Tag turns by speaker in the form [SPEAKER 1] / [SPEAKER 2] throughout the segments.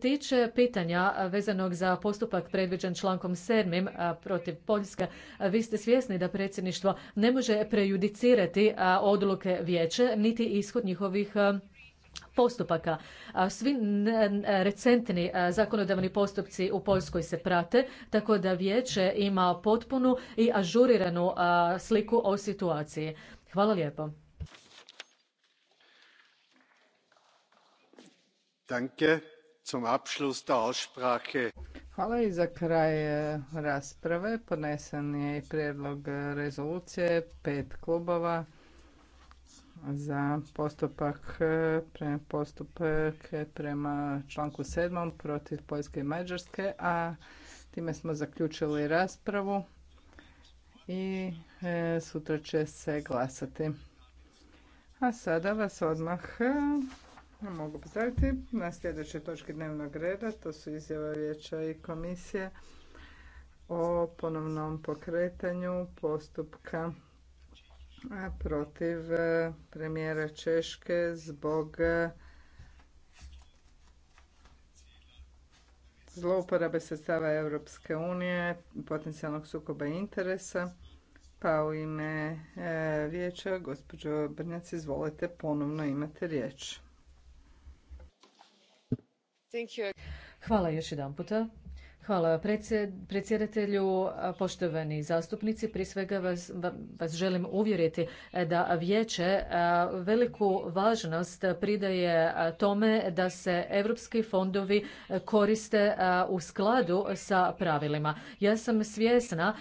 [SPEAKER 1] tiče pitanja vezanog za postupak predviđen člankom 7. protiv Poljske, vi ste svjesni da predsjedništvo ne može prejudicirati odluke vijeća niti ishod njihovih postupaka. Svi recentni zakonodavni postupci u Poljskoj se prate, tako da vijeće ima potpunu i ažuriranu sliku o situaciji. Hvala lijepo. Danke zum
[SPEAKER 2] Abschluss der Hvala i za kraj eh, rasprave. Podnesen je i prijedlog eh, rezolucije pet klubova za postupak, eh, prema postupak prema članku 7. protiv Poljske i Mađarske, a time smo zaključili raspravu i sutra će se glasati. A sada vas odmah mogu pozdraviti na sljedeće točki dnevnog reda, to su izjava vijeća i komisije o ponovnom pokretanju postupka protiv e, premijera Češke zbog e, zlouporabe sredstava Europske unije, potencijalnog sukoba interesa. Pa u ime e, vijeća, gospođo Brnjac, izvolite, ponovno imate riječ.
[SPEAKER 1] Hvala još jedan puta. Hvala predsjedatelju, poštovani zastupnici. Prije svega vas, vas želim uvjeriti da vijeće veliku važnost pridaje tome da se europski fondovi koriste u skladu sa pravilima. Ja sam svjesna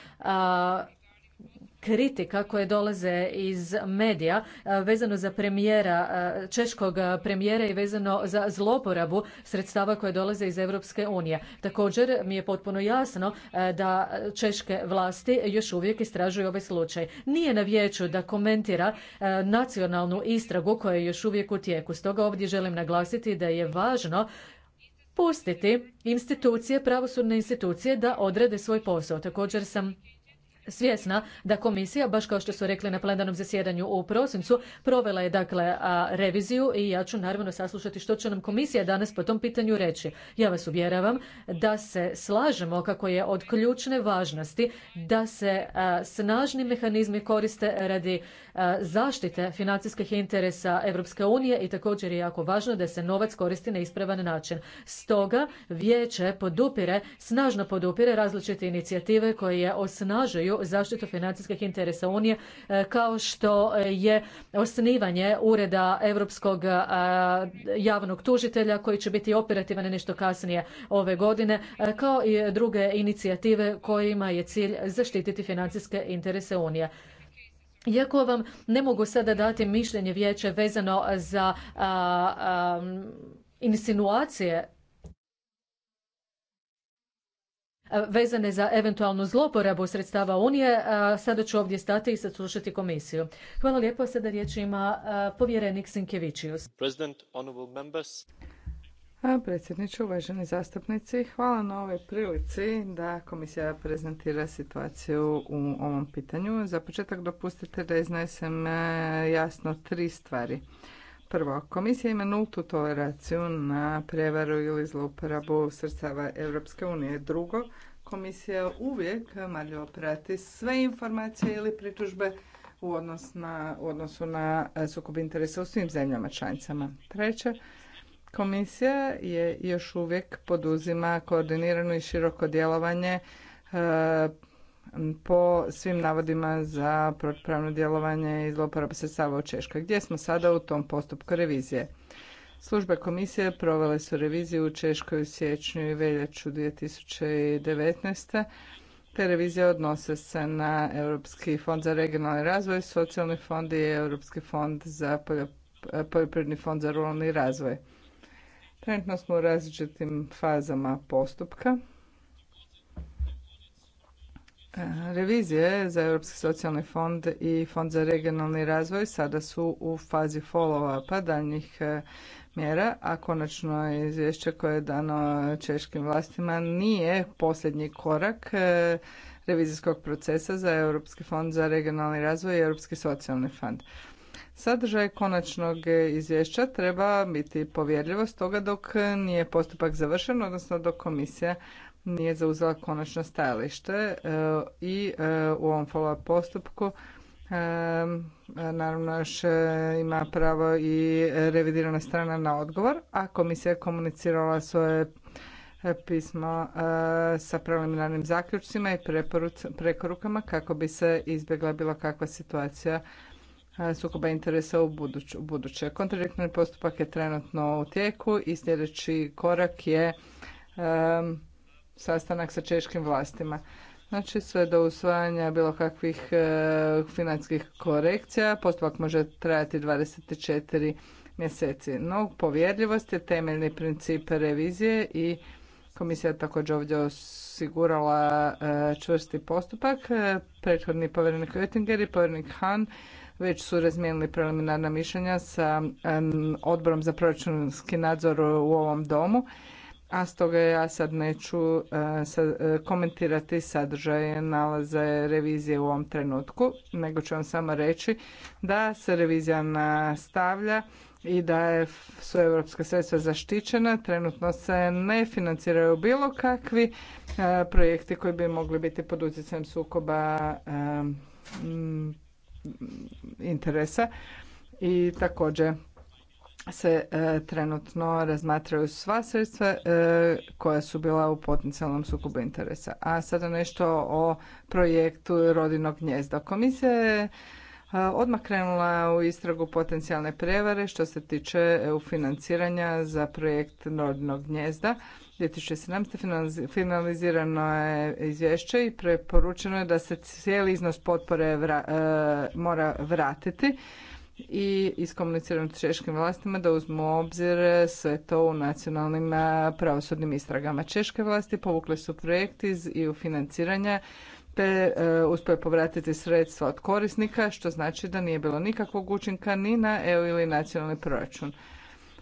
[SPEAKER 1] kritika koje dolaze iz medija e, vezano za premijera, e, češkog premijera i vezano za zloporabu sredstava koje dolaze iz Europske unije. Također mi je potpuno jasno e, da češke vlasti još uvijek istražuju ovaj slučaj. Nije na vijeću da komentira nacionalnu istragu koja je još uvijek u tijeku. Stoga ovdje želim naglasiti da je važno pustiti institucije, pravosudne institucije da odrade svoj posao. Također sam svjesna da komisija, baš kao što su rekli na plenarnom zasjedanju u prosincu, provela je dakle reviziju i ja ću naravno saslušati što će nam komisija danas po tom pitanju reći. Ja vas uvjeravam da se slažemo kako je od ključne važnosti da se snažni mehanizmi koriste radi zaštite financijskih interesa Europske unije i također je jako važno da se novac koristi na ispravan način. Stoga vijeće podupire, snažno podupire različite inicijative koje osnažuju zaštitu financijskih interesa Unije e, kao što e, je osnivanje Ureda Europskog e, javnog tužitelja koji će biti operativan nešto kasnije ove godine kao i druge inicijative kojima je cilj zaštititi financijske interese Unije. Iako vam ne mogu sada dati mišljenje vijeće vezano za insinuacije E, vezane za eventualnu zloporabu sredstava Unije. E, sada ću ovdje stati i sad slušati komisiju. Hvala lijepo. Sada riječ ima e, povjerenik Sinkevičius.
[SPEAKER 2] Predsjedniče, uvaženi zastupnici, hvala na ovoj prilici da komisija prezentira situaciju u ovom pitanju. Za početak dopustite da iznesem jasno tri stvari. Prvo, komisija ima nultu toleraciju na prevaru ili zlouporabu srcava Europske unije. Drugo, komisija uvijek malo prati sve informacije ili pritužbe u, odnosu na sukob interesa u svim zemljama članicama. Treće, komisija je još uvijek poduzima koordinirano i široko djelovanje e, po svim navodima za propravno djelovanje i zloporabu sredstava u Češkoj. Gdje smo sada u tom postupku revizije? Službe komisije provele su reviziju u Češkoj u siječnju i veljaču 2019. Te revizije odnose se na Europski fond za regionalni razvoj, socijalni fond i Europski fond za poljoprivredni fond za ruralni razvoj. Trenutno smo u različitim fazama postupka. Eh, revizije za Europski socijalni fond i Fond za regionalni razvoj sada su u fazi follow-upa daljnjih eh, mjera, a konačno izvješće koje je dano češkim vlastima nije posljednji korak eh, revizijskog procesa za Europski fond za regionalni razvoj i Europski socijalni fond. Sadržaj konačnog izvješća treba biti povjerljivo stoga dok nije postupak završen, odnosno dok komisija nije zauzela konačno stajalište e, i e, u ovom follow postupku e, naravno još ima pravo i revidirana strana na odgovor, a komisija je komunicirala svoje pismo sa preliminarnim zaključcima i preporukama kako bi se izbjegla bilo kakva situacija sukoba interesa u buduće. Kontradiktorni postupak je trenutno u tijeku i sljedeći korak je sastanak sa češkim vlastima. Znači sve do usvajanja bilo kakvih e, financijskih korekcija, postupak može trajati 24 mjeseci. No, povjerljivost je temeljni princip revizije i komisija također ovdje osigurala e, čvrsti postupak. E, prethodni povjerenik Oettinger i povjerenik Han već su razmijenili preliminarna mišljenja sa odborom za proračunski nadzor u ovom domu a stoga ja sad neću e, e, komentirati sadržaje nalaze revizije u ovom trenutku, nego ću vam samo reći da se revizija nastavlja i da su europska sredstva zaštićena. Trenutno se ne financiraju bilo kakvi e, projekti koji bi mogli biti pod utjecajem sukoba interesa i također se e, trenutno razmatraju sva sredstva e, koja su bila u potencijalnom sukobu interesa. A sada nešto o projektu Rodinog gnjezda. Komisija je e, odmah krenula u istragu potencijalne prevare što se tiče EU financiranja za projekt Rodinog gnjezda. 2017. finalizirano je izvješće i preporučeno je da se cijeli iznos potpore mora vratiti i iskomuniciram s češkim vlastima da uzmu obzir sve to u nacionalnim pravosudnim istragama. Češke vlasti povukle su projekt iz i u financiranja te e, uspio povratiti sredstva od korisnika, što znači da nije bilo nikakvog učinka ni na EU ili nacionalni proračun.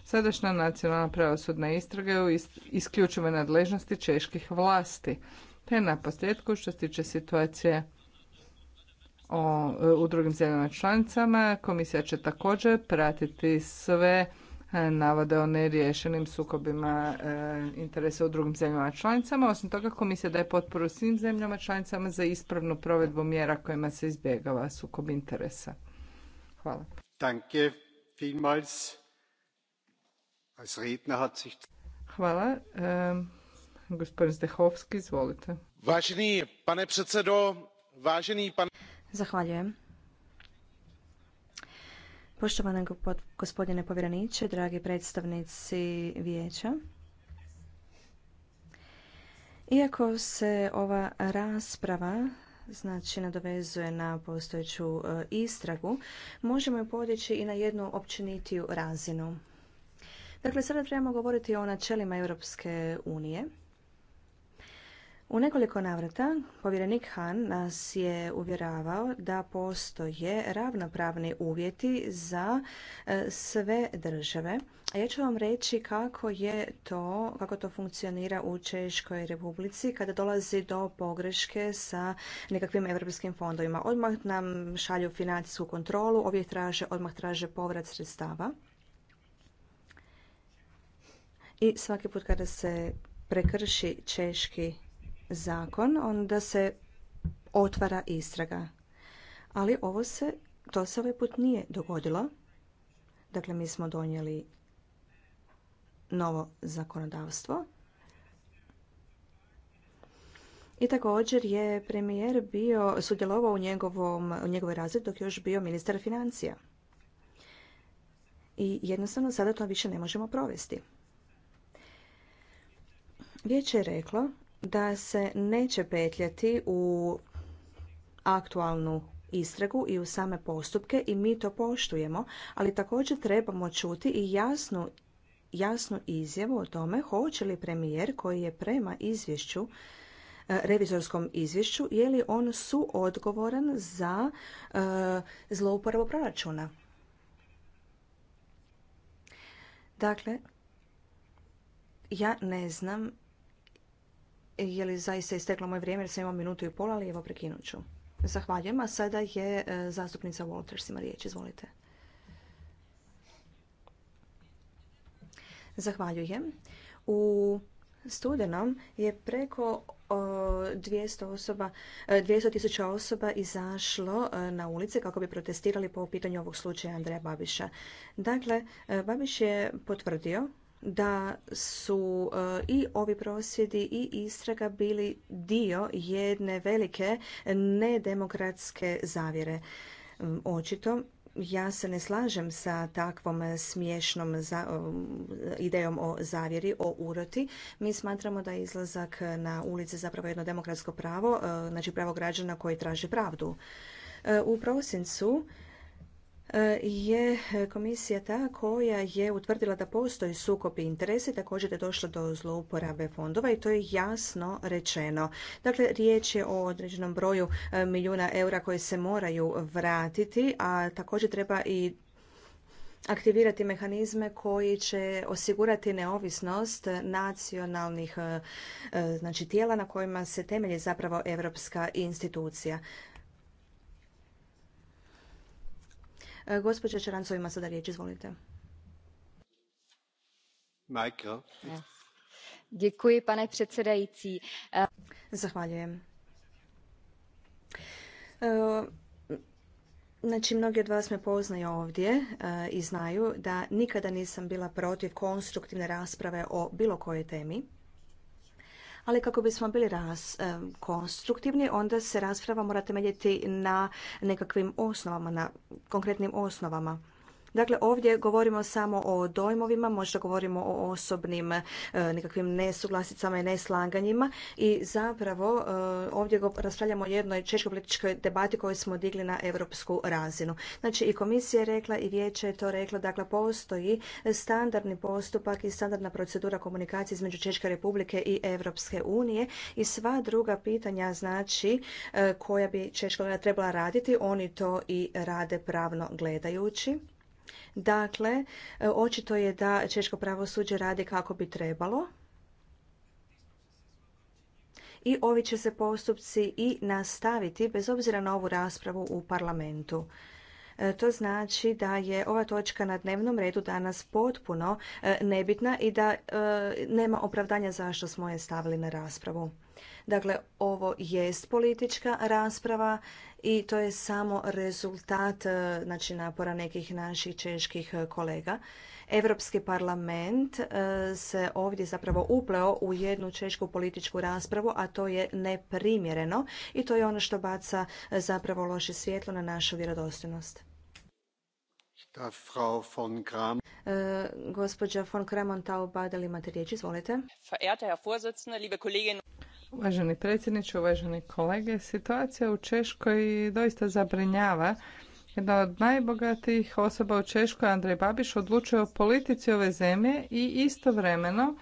[SPEAKER 2] Sadašnja nacionalna pravosudna istraga je u isključivoj nadležnosti čeških vlasti. Te na posljedku što se tiče situacije o, u drugim zemljama članicama. Komisija će također pratiti sve e, navode o neriješenim sukobima e, interesa u drugim zemljama članicama. Osim toga, komisija daje potporu svim zemljama članicama za ispravnu provedbu mjera kojima se izbjegava sukob interesa. Hvala. Hvala. E, gospodin Zdehovski, izvolite. pane predsedo, Zahvaljujem. Poštovani
[SPEAKER 3] gospodine povjereniče, dragi predstavnici vijeća, iako se ova rasprava znači nadovezuje na postojeću e, istragu, možemo ju podići i na jednu općenitiju razinu. Dakle, sada trebamo govoriti o načelima Europske unije – u nekoliko navrata povjerenik Han nas je uvjeravao da postoje ravnopravni uvjeti za e, sve države. Ja ću vam reći kako je to, kako to funkcionira u Češkoj republici kada dolazi do pogreške sa nekakvim europskim fondovima. Odmah nam šalju financijsku kontrolu, ovdje traže, odmah traže povrat sredstava. I svaki put kada se prekrši češki zakon, onda se otvara istraga. Ali ovo se, to se ovaj put nije dogodilo. Dakle, mi smo donijeli novo zakonodavstvo. I također je premijer bio, sudjelovao u, njegovom, u njegovoj razredu dok još bio ministar financija. I jednostavno sada to više ne možemo provesti. Vijeće je reklo da se neće petljati u aktualnu istragu i u same postupke i mi to poštujemo, ali također trebamo čuti i jasnu, jasnu izjavu o tome hoće li premijer koji je prema izvješću e, revizorskom izvješću je li on suodgovoran za e, zlouporabu proračuna. Dakle, ja ne znam je li zaista isteklo moje vrijeme jer sam imao minutu i pola, ali evo prekinut ću. Zahvaljujem, a sada je e, zastupnica Walters ima riječ, izvolite. Zahvaljujem. U studenom je preko 200 e, e, tisuća osoba izašlo na ulice kako bi protestirali po pitanju ovog slučaja Andreja Babiša. Dakle, Babiš je potvrdio da su e, i ovi prosvjedi i istraga bili dio jedne velike nedemokratske zavjere. Mm, očito ja se ne slažem sa takvom smiješnom e, idejom o zavjeri, o uroti. Mi smatramo da je izlazak na ulice zapravo jedno demokratsko pravo, e, znači pravo građana koji traže pravdu. U prosincu je komisija ta koja je utvrdila da postoji sukob interesa i također je došlo do zlouporabe fondova i to je jasno rečeno. Dakle, riječ je o određenom broju e, milijuna eura koje se moraju vratiti, a također treba i aktivirati mehanizme koji će osigurati neovisnost nacionalnih e, e, znači, tijela na kojima se temelji zapravo europska institucija. E, gospođa Čarancov ima sada riječ, izvolite. Michael. Děkuji, pane předsedající. E, Zahvaljujem. E, znači, mnogi od vas me poznaju ovdje i znaju da nikada nisam bila protiv konstruktivne rasprave o bilo kojoj temi ali kako bismo bili raz, e, konstruktivni, onda se rasprava mora temeljiti na nekakvim osnovama, na konkretnim osnovama. Dakle, ovdje govorimo samo o dojmovima, možda govorimo o osobnim e, nekakvim nesuglasicama i neslaganjima i zapravo e, ovdje raspravljamo o jednoj češkoj političkoj debati koju smo digli na europsku razinu. Znači i komisija je rekla i vijeće je to reklo, dakle postoji standardni postupak i standardna procedura komunikacije između Češke republike i Europske unije i sva druga pitanja znači e, koja bi Češka trebala raditi, oni to i rade pravno gledajući. Dakle, e, očito je da češko pravosuđe radi kako bi trebalo. I ovi će se postupci i nastaviti bez obzira na ovu raspravu u parlamentu. E, to znači da je ova točka na dnevnom redu danas potpuno e, nebitna i da nema opravdanja zašto smo je stavili na raspravu. Dakle, ovo jest politička rasprava i to je samo rezultat e, znači, napora nekih naših čeških e, kolega. Europski parlament e, se ovdje zapravo upleo u jednu češku političku raspravu, a to je neprimjereno i to je ono što baca zapravo loše svjetlo na našu vjerodostojnost.
[SPEAKER 1] Frau von
[SPEAKER 3] gospođa von kramontau imate riječ, izvolite.
[SPEAKER 2] Uvaženi predsjedniče, uvaženi kolege, situacija u Češkoj doista zabrinjava. Jedna od najbogatijih osoba u Češkoj, Andrej Babiš, odlučuje o politici ove zemlje i istovremeno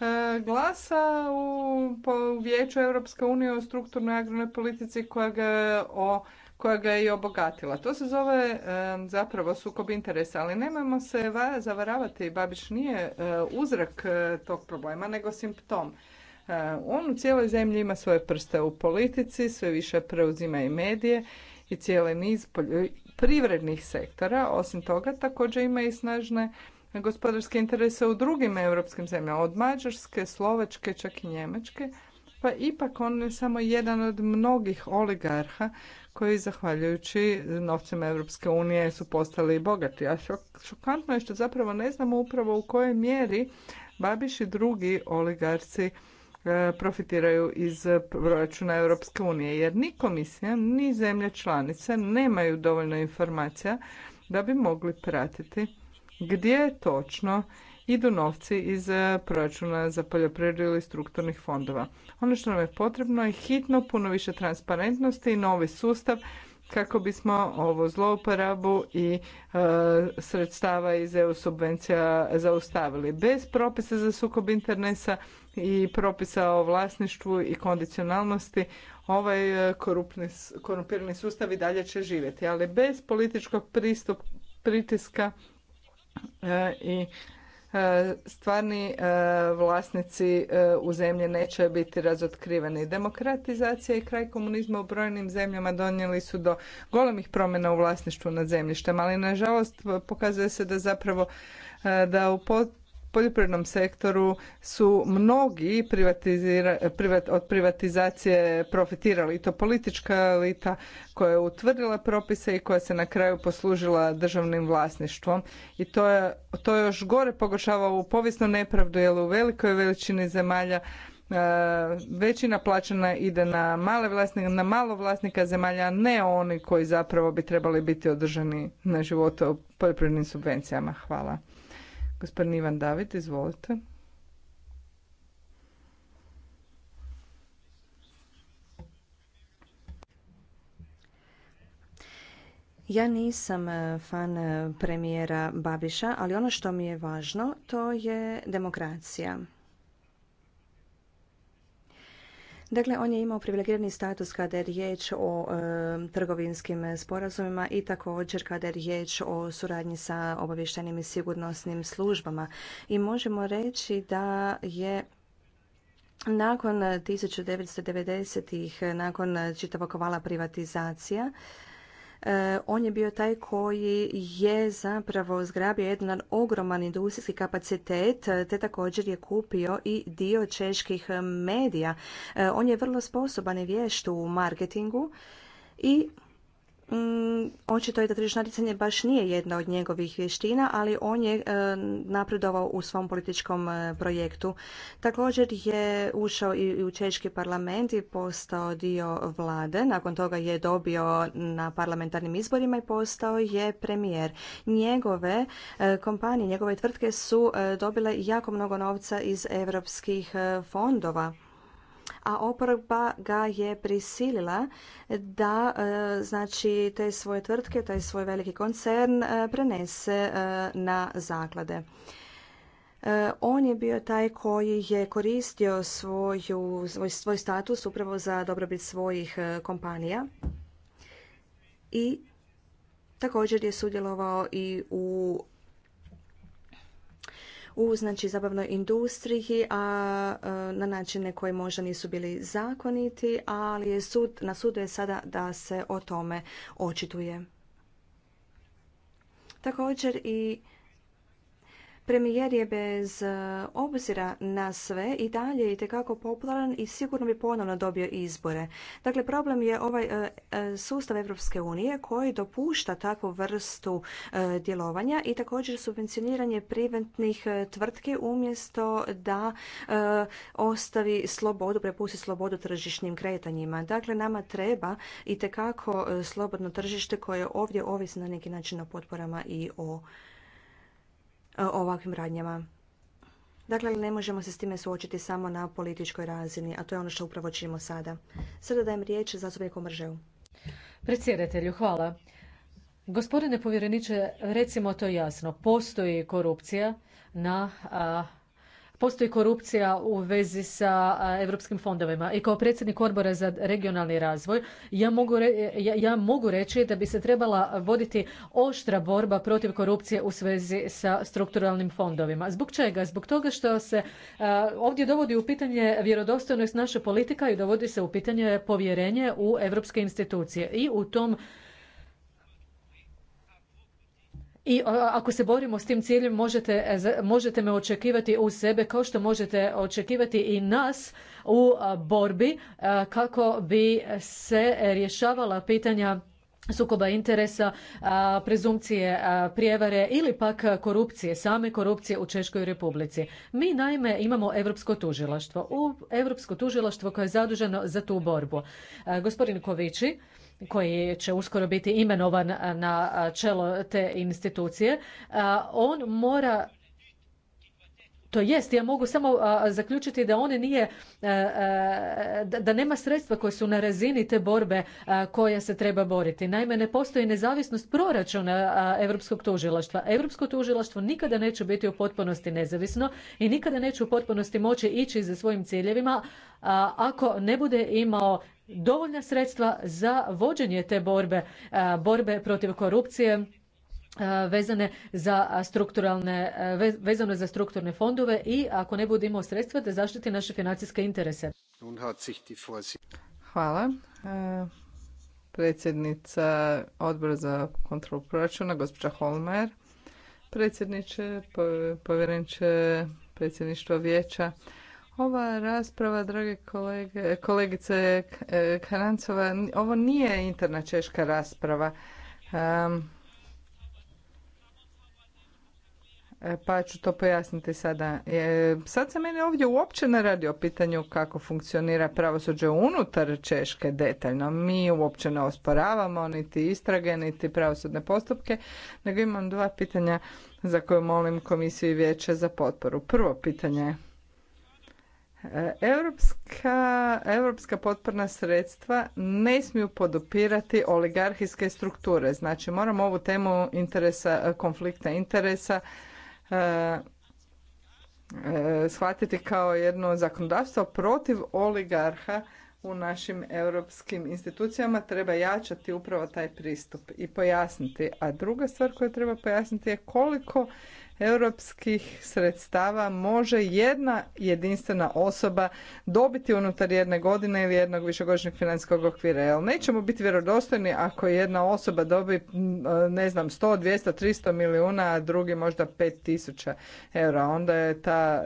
[SPEAKER 2] e, glasa u, vijeću Europske unije o strukturnoj agrarnoj politici koja ga, o, koja ga je i obogatila. To se zove e, zapravo sukob interesa, ali nemojmo se zavaravati, Babiš nije e, uzrok tog problema, nego simptom. E, on u cijeloj zemlji ima svoje prste u politici, sve više preuzima i medije i cijeli niz privrednih sektora. Osim toga, također ima i snažne gospodarske interese u drugim europskim zemljama, od Mađarske, Slovačke, čak i Njemačke. Pa ipak on je samo jedan od mnogih oligarha koji zahvaljujući novcima Europske unije su postali i bogati. A šokantno je što zapravo ne znamo upravo u kojoj mjeri Babiš i drugi oligarci E, profitiraju iz proračuna Europske unije jer ni komisija ni zemlje članice nemaju dovoljno informacija da bi mogli pratiti gdje točno idu novci iz e, proračuna za poljoprivredu ili strukturnih fondova. Ono što nam je potrebno je hitno puno više transparentnosti i novi sustav kako bismo ovu zlouporabu i e, sredstava iz EU subvencija zaustavili. Bez propisa za sukob interesa i propisa o vlasništvu i kondicionalnosti ovaj e, korumpirani sustav i dalje će živjeti. Ali bez političkog pristup, pritiska e, i e, stvarni vlasnici u zemlji neće biti razotkriveni. Demokratizacija i kraj komunizma u brojnim zemljama donijeli su do golemih promjena u vlasništvu nad zemljištem, ali nažalost pokazuje se da zapravo da u pot poljoprivrednom sektoru su mnogi od privatizacije profitirali i to politička elita koja je utvrdila propise i koja se na kraju poslužila državnim vlasništvom i to, je, to još gore pogoršava u povijesnu nepravdu jer u velikoj veličini zemalja e, većina plaćana ide na male vlasnike, na malo vlasnika zemalja, a ne oni koji zapravo bi trebali biti održani na životu poljoprivrednim subvencijama. Hvala. Gospodin Ivan David, izvolite.
[SPEAKER 3] Ja nisam e, fan e, premijera Babiša, ali ono što mi je važno to je demokracija. Dakle, on je imao privilegirani status kada je riječ o trgovinskim sporazumima i također kada je riječ o suradnji sa obavještajnim i sigurnosnim službama. I možemo reći da je nakon 1990-ih, nakon čitavog vala privatizacija, E, on je bio taj koji je zapravo zgrabio jedan ogroman industrijski kapacitet e, te također je kupio i dio čeških medija. E, on je vrlo sposoban i vješt u marketingu i Mm, očito je da tržišno natjecanje baš nije jedna od njegovih vještina, ali on je e, napredovao u svom političkom e, projektu. Također je ušao i u Češki parlament i postao dio vlade. Nakon toga je dobio na parlamentarnim izborima i postao je premijer. Njegove e, kompanije, njegove tvrtke su dobile jako mnogo novca iz europskih fondova a oporba ga je prisilila da e, znači te svoje tvrtke, taj svoj veliki koncern e, prenese e, na zaklade. On je bio taj koji je koristio svoju, svoj, svoj status upravo za dobrobit svojih kompanija i također je sudjelovao i u u znači zabavnoj industriji, a e, na načine koji možda nisu bili zakoniti, ali je sud, na sudu je sada da se o tome očituje. Također i Premijer je bez e, obzira na sve i dalje i tekako popularan i sigurno bi ponovno dobio izbore. Dakle, problem je ovaj e, e, sustav Europske unije koji dopušta takvu vrstu djelovanja i također subvencioniranje privatnih tvrtki umjesto da ostavi slobodu, prepusti slobodu tržišnim kretanjima. Dakle, nama treba i tekako slobodno tržište koje ovdje ovisi na neki način o potporama i o E, ovakvim radnjama. Dakle, ne možemo se s time suočiti samo na političkoj razini, a to je ono što upravo činimo sada. Sada dajem riječ zastupniku Mržeu.
[SPEAKER 1] Predsjedatelju, hvala. Gospodine povjereniče, recimo to jasno, postoji korupcija na postoji korupcija u vezi sa europskim fondovima i kao predsjednik odbora za regionalni razvoj ja mogu, reći da bi se trebala voditi oštra borba protiv korupcije u svezi sa strukturalnim fondovima zbog čega zbog toga što se ovdje dovodi u pitanje vjerodostojnost naše politika i dovodi se u pitanje povjerenje u europske institucije i u tom i ako se borimo s tim ciljem možete, e, možete me očekivati u sebe kao što možete očekivati i nas u borbi e, kako bi se rješavala pitanja sukoba interesa, prezumcije prijevare ili pak korupcije, same korupcije u Češkoj republici. Mi naime imamo Europsko tužilaštvo, u Europsko tužilaštvo koje je zaduženo za tu borbu. E, gospodin Kovići, koji će uskoro biti imenovan na čelo te institucije, on mora to jest, ja mogu samo zaključiti da on nije, da nema sredstva koje su na razini te borbe koja se treba boriti. Naime, ne postoji nezavisnost proračuna Europskog tužilaštva. Europsko tužilaštvo nikada neće biti u potpunosti nezavisno i nikada neće u potpunosti moći ići za svojim ciljevima ako ne bude imao dovoljna sredstva za vođenje te borbe, e, borbe protiv korupcije e, vezane za strukturalne, e, vezano za strukturne fondove i ako ne budemo sredstva da zaštiti naše financijske interese. Hvala.
[SPEAKER 2] Predsjednica odbora za kontrolu proračuna, gospođa Holmer. Predsjedniče, povjereniče predsjedništva vijeća, ova rasprava, drage kolege, kolegice Karancova, ovo nije interna češka rasprava. E, pa ću to pojasniti sada. E, sad se meni ovdje uopće ne radi o pitanju kako funkcionira pravosuđe unutar Češke detaljno. Mi uopće ne osporavamo niti istrage, niti pravosudne postupke, nego imam dva pitanja za koje molim komisiju i vijeće za potporu. Prvo pitanje je Europska, potporna sredstva ne smiju podupirati oligarhijske strukture. Znači moramo ovu temu interesa, konflikta interesa e, e, shvatiti kao jedno zakonodavstvo protiv oligarha u našim europskim institucijama treba jačati upravo taj pristup i pojasniti. A druga stvar koju treba pojasniti je koliko europskih sredstava može jedna jedinstvena osoba dobiti unutar jedne godine ili jednog višegodišnjeg financijskog okvira. Jer nećemo biti vjerodostojni ako jedna osoba dobi, mm, ne znam, 100, 200, 300 milijuna, a drugi možda 5000 eura. Onda je ta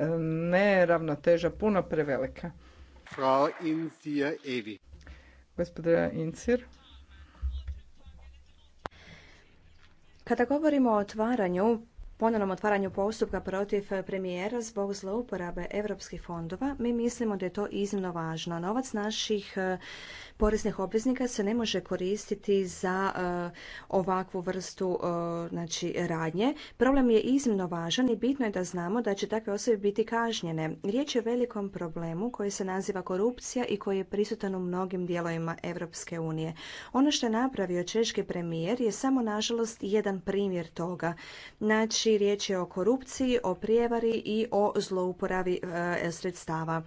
[SPEAKER 2] neravnoteža puno prevelika. Frau Evi. Gospodina Incir.
[SPEAKER 3] Kada govorimo o otvaranju ponovnom otvaranju postupka protiv eh, premijera zbog zlouporabe europskih fondova. Mi mislimo da je to iznimno važno. Novac naših eh, poreznih obveznika se ne može koristiti za eh, ovakvu vrstu eh, znači, radnje. Problem je iznimno važan i bitno je da znamo da će takve osobe biti kažnjene. Riječ je o velikom problemu koji se naziva korupcija i koji je prisutan u mnogim dijelovima Europske unije. Ono što je napravio češki premijer je samo nažalost jedan primjer toga. Znači, riječ je o korupciji, o prijevari i o zlouporavi eh, sredstava.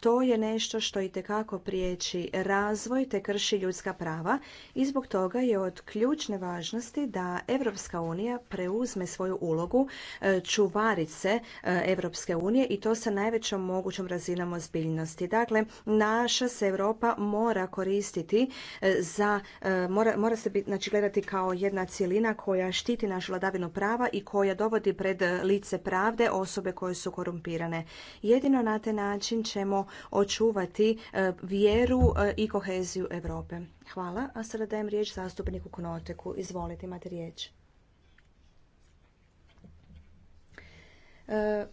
[SPEAKER 3] to je nešto što i tekako priječi razvoj te krši ljudska prava i zbog toga je od ključne važnosti da Europska unija preuzme svoju ulogu e, čuvarice Europske unije i to sa najvećom mogućom razinom ozbiljnosti. Dakle, naša se Europa mora koristiti e, za, e, mora, mora se biti, znači, gledati kao jedna cjelina koja štiti našu vladavinu prava i koja dovodi pred lice pravde osobe koje su korumpirane. Jedino na taj način ćemo očuvati vjeru i koheziju Europe. Hvala, a sada dajem riječ zastupniku Knoteku. Izvolite, imate riječ. E,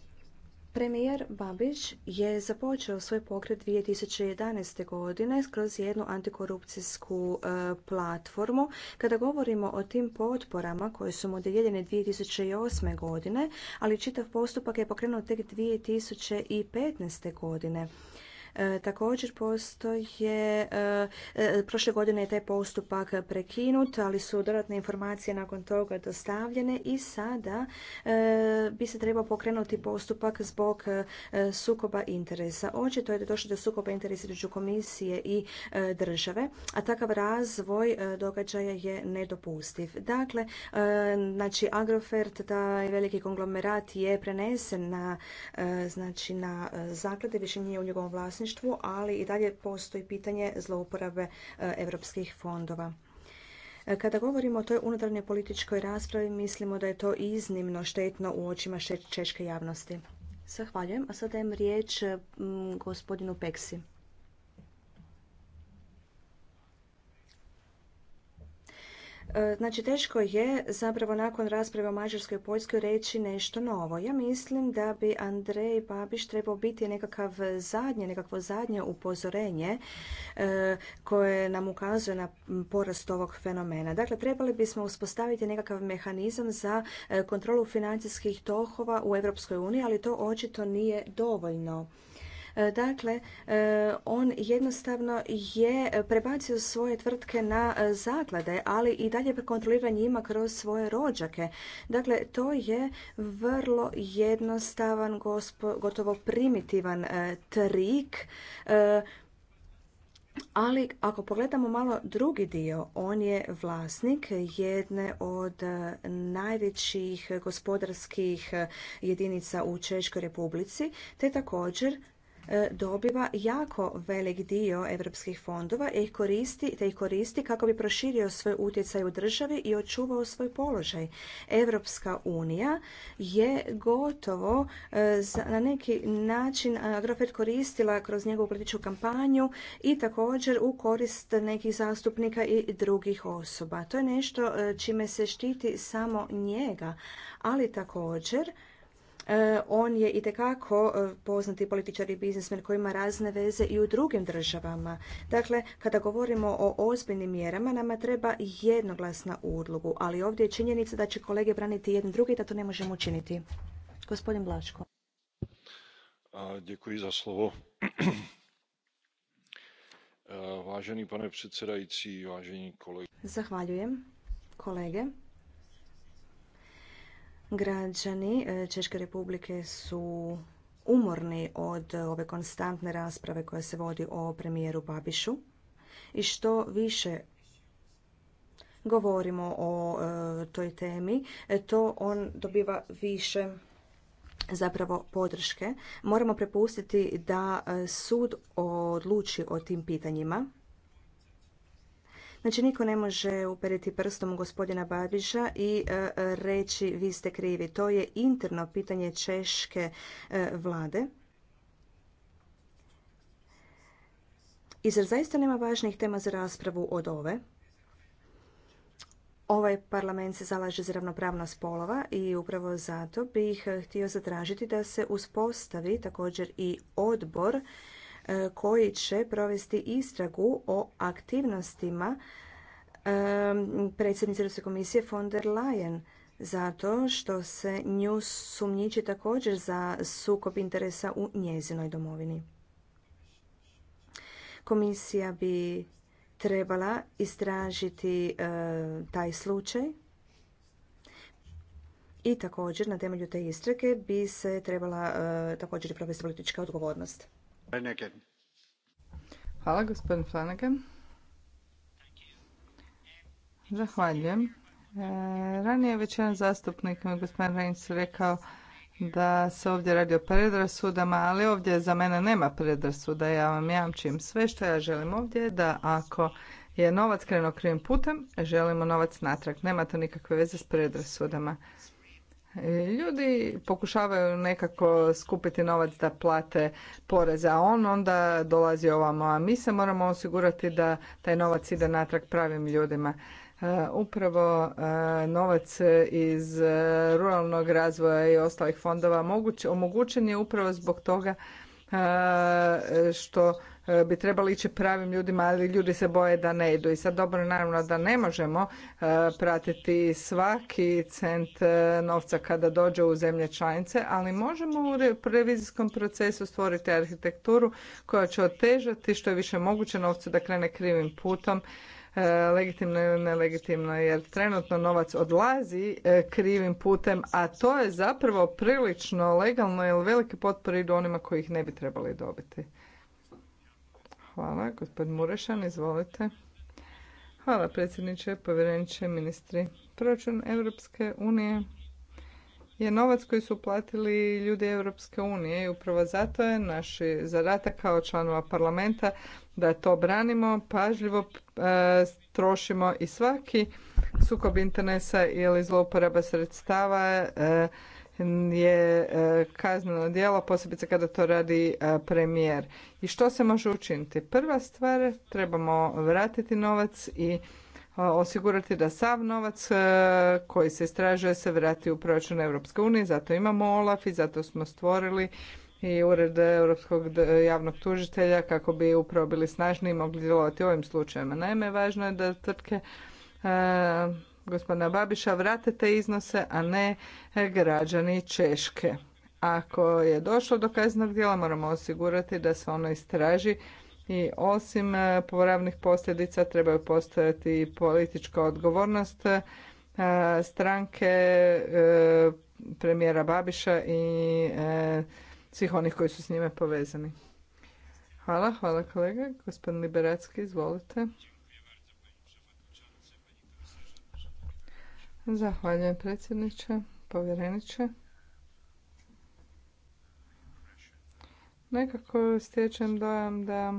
[SPEAKER 3] premijer Babić je započeo svoj pokret 2011. godine kroz jednu antikorupcijsku e, platformu. Kada govorimo o tim potporama koje su mu dodijeljene 2008. godine, ali čitav postupak je pokrenuo tek 2015. godine. E, također postoje, e, e, prošle godine je taj postupak prekinut, ali su dodatne informacije nakon toga dostavljene i sada bi se trebao pokrenuti postupak zbog sukoba interesa. Očito je da došlo do sukoba interesa između komisije i države, a takav razvoj događaja je nedopustiv. Dakle, znači Agrofert, taj veliki konglomerat je prenesen na, znači, na zaklade, više nije u njegovom vlasništvu vlasništvu, ali i dalje postoji pitanje zlouporabe europskih fondova. E, kada govorimo o toj unutarnjoj političkoj raspravi, mislimo da je to iznimno štetno u očima češke javnosti. Zahvaljujem, a sada dajem riječ gospodinu Peksi. E, znači, teško je zapravo nakon rasprave o Mađarskoj i Poljskoj reći nešto novo. Ja mislim da bi Andrej Babiš trebao biti nekakav zadnje, nekakvo zadnje upozorenje e, koje nam ukazuje na porast ovog fenomena. Dakle, trebali bismo uspostaviti nekakav mehanizam za e, kontrolu financijskih tohova u Europskoj uniji, ali to očito nije dovoljno E, dakle, e, on jednostavno je prebacio svoje tvrtke na e, zaklade, ali i dalje kontrolira njima kroz svoje rođake. Dakle, to je vrlo jednostavan, gotovo primitivan trik ali ako pogledamo malo drugi dio, on je vlasnik jedne od najvećih gospodarskih jedinica u Češkoj republici, te također E, dobiva jako velik dio europskih fondova i koristi, te ih koristi kako bi proširio svoj utjecaj u državi i očuvao svoj položaj. Evropska unija je gotovo e, na neki način e, Agrofet koristila kroz njegovu političku kampanju i također u korist nekih zastupnika i drugih osoba. To je nešto čime se štiti samo njega, ali također E, on je i tekako e, poznati političar i biznismen koji ima razne veze i u drugim državama. Dakle, kada govorimo o ozbiljnim mjerama, nama treba jednoglasna udlogu. ali ovdje je činjenica da će kolege braniti jedni drugi i da to ne možemo učiniti. Gospodin Blačko.
[SPEAKER 1] Děkuji za slovo. E, važeni pane važeni kolege.
[SPEAKER 3] Zahvaljujem kolege. Građani e, Češke republike su umorni od ove konstantne rasprave koja se vodi o premijeru Babišu i što više govorimo o e, toj temi, e, to on dobiva više zapravo podrške. Moramo prepustiti da sud odluči o tim pitanjima Znači niko ne može uperiti prstom gospodina Babiša i e, reći vi ste krivi. To je interno pitanje češke e, vlade. I zar zaista nema važnijih tema za raspravu od ove? Ovaj parlament se zalaže za ravnopravnost spolova i upravo zato bih htio zatražiti da se uspostavi također i odbor E, koji će provesti istragu o aktivnostima e, predsjednice Europske komisije von der Leyen zato što se nju sumnjiči također za sukob interesa u njezinoj domovini. Komisija bi trebala istražiti e, taj slučaj i također na temelju te istrage bi se trebala također provesti politička odgovornost.
[SPEAKER 2] Hvala, gospodin Flanagan. Zahvaljujem. E, ranije je već jedan zastupnik, gospodin Reins, rekao da se ovdje radi o predrasudama, ali ovdje za mene nema predrasuda, ja vam jamčim. Sve što ja želim ovdje da ako je novac krenuo krivim putem, želimo novac natrag. Nema to nikakve veze s predrasudama. Ljudi pokušavaju nekako skupiti novac da plate poreza, a on onda dolazi ovamo, a mi se moramo osigurati da taj novac ide natrag pravim ljudima. E, upravo e, novac iz e, ruralnog razvoja i ostalih fondova omogućen je upravo zbog toga što E, bi trebali ići pravim ljudima, ali ljudi se boje da ne idu. I sad dobro naravno da ne možemo e, pratiti svaki cent e, novca kada dođe u zemlje članice, ali možemo u revizijskom procesu stvoriti arhitekturu koja će otežati što je više moguće novcu da krene krivim putom legitimno ili nelegitimno, jer trenutno novac odlazi krivim putem, a to je zapravo prilično legalno jer velike potpore idu onima koji ih ne bi trebali dobiti. Hvala. gospod Murešan, izvolite. Hvala predsjedniče, povjereniče, ministri. Proračun Europske unije je novac koji su uplatili ljudi Europske unije i upravo zato je naš zadatak kao članova parlamenta da to branimo, pažljivo e, trošimo i svaki sukob interesa ili zlouporaba sredstava e, je e, kazneno djelo, posebice kada to radi e, premijer. I što se može učiniti? Prva stvar, trebamo vratiti novac i e, osigurati da sav novac koji se istražuje se vrati u proračun Europske unije. Zato imamo OLAF i zato smo stvorili i Ured Europskog javnog tužitelja kako bi upravo bili snažni i mogli djelovati u ovim slučajevima. Naime, važno je da tvrtke gospodina Babiša vrate te iznose, a ne e, građani Češke. Ako je došlo do kaznenog djela, moramo osigurati da se ono istraži i osim e, poravnih posljedica trebaju postojati i politička odgovornost e, stranke premijera Babiša i svih onih koji su s njime povezani. Hvala, hvala kolega. Gospodin Liberacki, izvolite. Zahvaljujem predsjedniče, povjereniče. Nekako stječem dojam da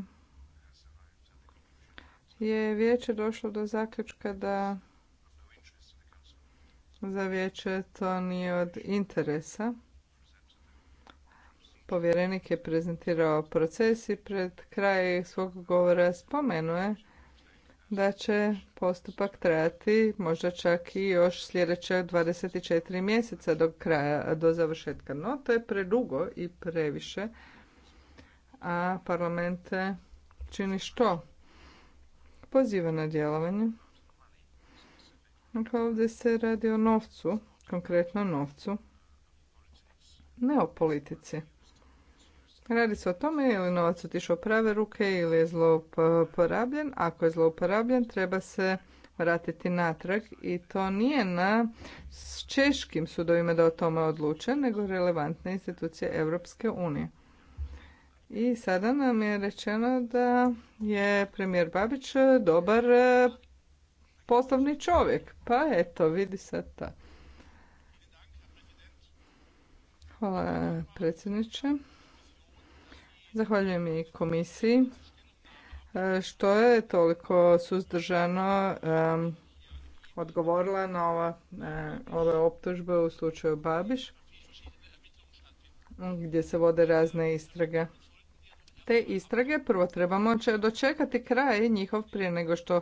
[SPEAKER 2] je vijeće došlo do zaključka da za vijeće to nije od interesa. Povjerenik je prezentirao proces i pred kraj svog govora spomenuje da će postupak trajati možda čak i još sljedeća 24 mjeseca do kraja, do završetka. No, to je predugo i previše. A parlamente čini što? Poziva na djelovanje. Dakle, ovdje se radi o novcu, konkretno novcu, ne o politici. Radi se o tome je li novac otišao prave ruke ili je zlouporabljen. Ako je zlouporabljen treba se vratiti natrag i to nije na češkim sudovima da o tome odluče, nego relevantne institucije Europske unije. I sada nam je rečeno da je premijer Babić dobar e, poslovni čovjek. Pa eto, vidi sad ta. Hvala predsjedniče. Zahvaljujem i komisiji. E, što je toliko suzdržano e, odgovorila na e, ove optužbe u slučaju Babiš, gdje se vode razne istrage. Te istrage prvo trebamo dočekati kraj njihov prije nego što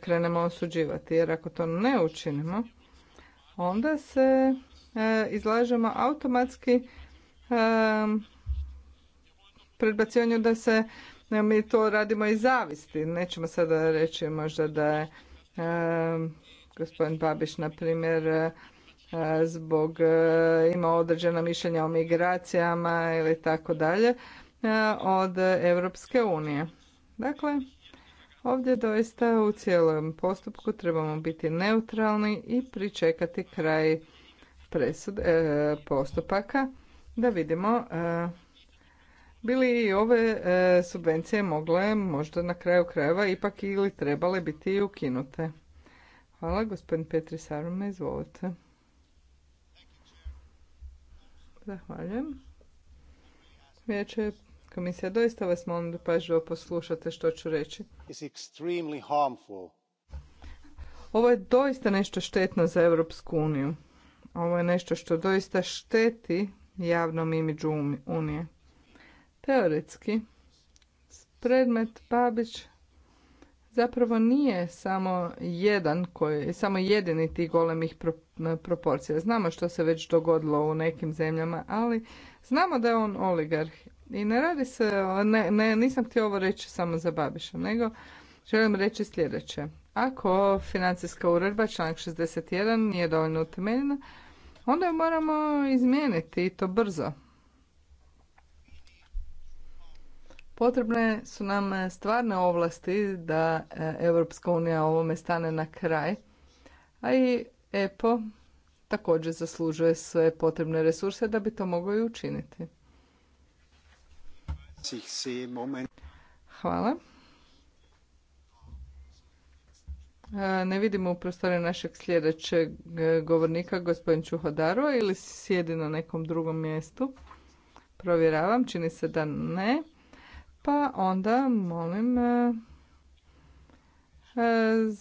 [SPEAKER 2] krenemo osuđivati, jer ako to ne učinimo, onda se izlažemo automatski predbacivanju da se e, mi to radimo iz zavisti. Nećemo sada reći možda da je e, gospodin Babiš, na primjer, e, zbog e, ima određena mišljenja o migracijama ili tako dalje od Europske unije. Dakle, ovdje doista u cijelom postupku trebamo biti neutralni i pričekati kraj presud, postupaka da vidimo bili i ove e, subvencije mogle možda na kraju krajeva ipak ili trebale biti ukinute. Hvala, gospodin Petri Saruma, izvolite. Zahvaljujem. Vijeće komisija, doista vas molim da pažljivo poslušate što ću reći. Ovo je doista nešto štetno za Europsku uniju. Ovo je nešto što doista šteti javnom imidžu Unije. Teoretski, predmet Babić zapravo nije samo jedan koji, samo jedini tih golemih proporcija. Znamo što se već dogodilo u nekim zemljama, ali znamo da je on oligarh. I ne radi se, ne, ne, nisam htio ovo reći samo za Babiša, nego želim reći sljedeće. Ako financijska uredba, članak 61, nije dovoljno utemeljena, onda ju moramo izmijeniti i to brzo. Potrebne su nam e, stvarne ovlasti da e, Europska unija ovome stane na kraj, a i EPO također zaslužuje sve potrebne resurse da bi to moglo i učiniti. Hvala. E, ne vidimo u prostoru našeg sljedećeg govornika, gospodin Čuhodaro, ili sjedi na nekom drugom mjestu. Provjeravam, čini se da ne. Pa onda molim eh, eh,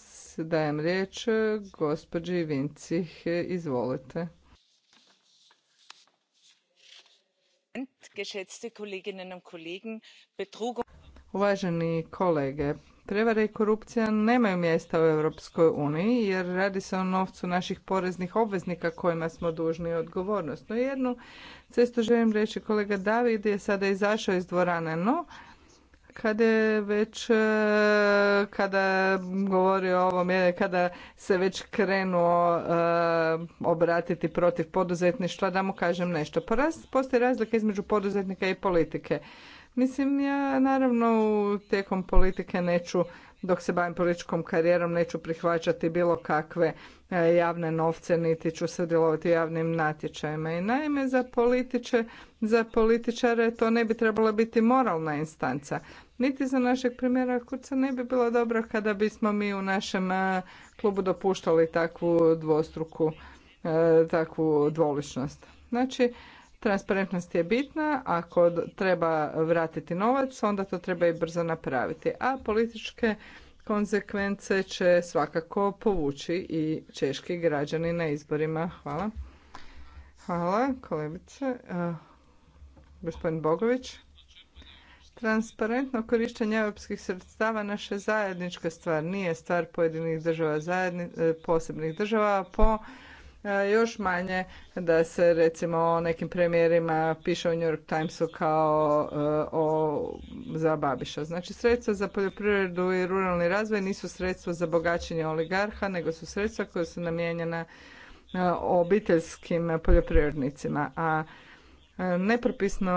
[SPEAKER 2] dajem riječ eh, gospođi Vinci. Izvolite. Uvaženi kolege, prevare i korupcija nemaju mjesta u Europskoj uniji jer radi se o novcu naših poreznih obveznika kojima smo dužni odgovornost. No jednu cestu želim reći kolega David je sada izašao iz dvorane, no kada je već e, kada govori o ovom kada se već krenuo e, obratiti protiv poduzetništva da mu kažem nešto. Pa postoji razlika između poduzetnika i politike. Mislim ja naravno tijekom politike neću dok se bavim političkom karijerom neću prihvaćati bilo kakve e, javne novce niti ću sudjelovati javnim natječajima. I naime za političe, za političare to ne bi trebala biti moralna instanca. Niti za našeg premijera Kurca ne bi bilo dobro kada bismo mi u našem e, klubu dopuštali takvu dvostruku, e, takvu dvoličnost. Znači, Transparentnost je bitna, ako treba vratiti novac, onda to treba i brzo napraviti. A političke konsekvence će svakako povući i češki građani na izborima. Hvala. Hvala, kolegice. E, gospodin Bogović. Transparentno korištenje europskih sredstava naše zajednička stvar, nije stvar pojedinih država, e, posebnih država po još manje da se recimo o nekim premijerima piše u New York Timesu kao e, o, za Babiša. Znači sredstva za poljoprivredu i ruralni razvoj nisu sredstva za bogaćenje oligarha, nego su sredstva koja su namijenjena e, obiteljskim poljoprivrednicima, a e, nepropisno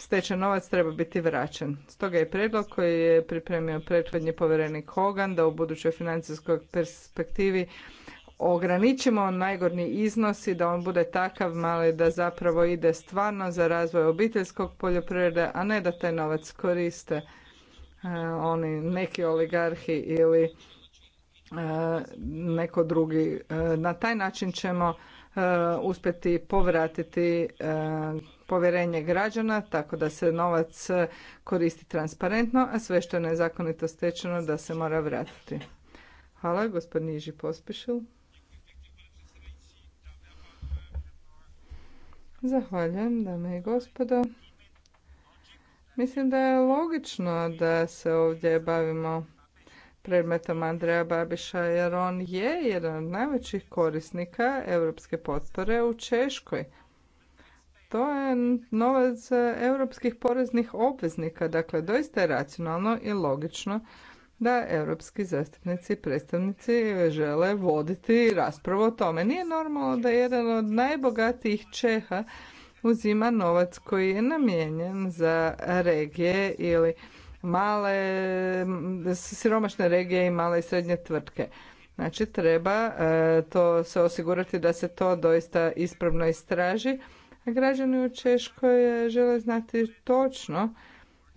[SPEAKER 2] stečen novac treba biti vraćen. Stoga je predlog koji je pripremio prethodni povjerenik Hogan da u budućoj financijskoj perspektivi ograničimo najgorni iznos i da on bude takav mali da zapravo ide stvarno za razvoj obiteljskog poljoprivrede, a ne da taj novac koriste e, oni neki oligarhi ili e, neko drugi. E, na taj način ćemo uspjeti povratiti povjerenje građana tako da se novac koristi transparentno, a sve što je nezakonito stečeno da se mora vratiti. Hvala, gospodin Iži Pospišil. Zahvaljujem, dame i gospodo. Mislim da je logično da se ovdje bavimo predmetom Andreja Babiša jer on je jedan od najvećih korisnika europske potpore u Češkoj. To je novac europskih poreznih obveznika, dakle doista je racionalno i logično da europski zastupnici i predstavnici žele voditi raspravu o tome. Nije normalno da jedan od najbogatijih Čeha uzima novac koji je namijenjen za regije ili male, siromašne regije i male i srednje tvrtke. Znači treba e, to se osigurati da se to doista ispravno istraži. A građani u Češkoj e, žele znati točno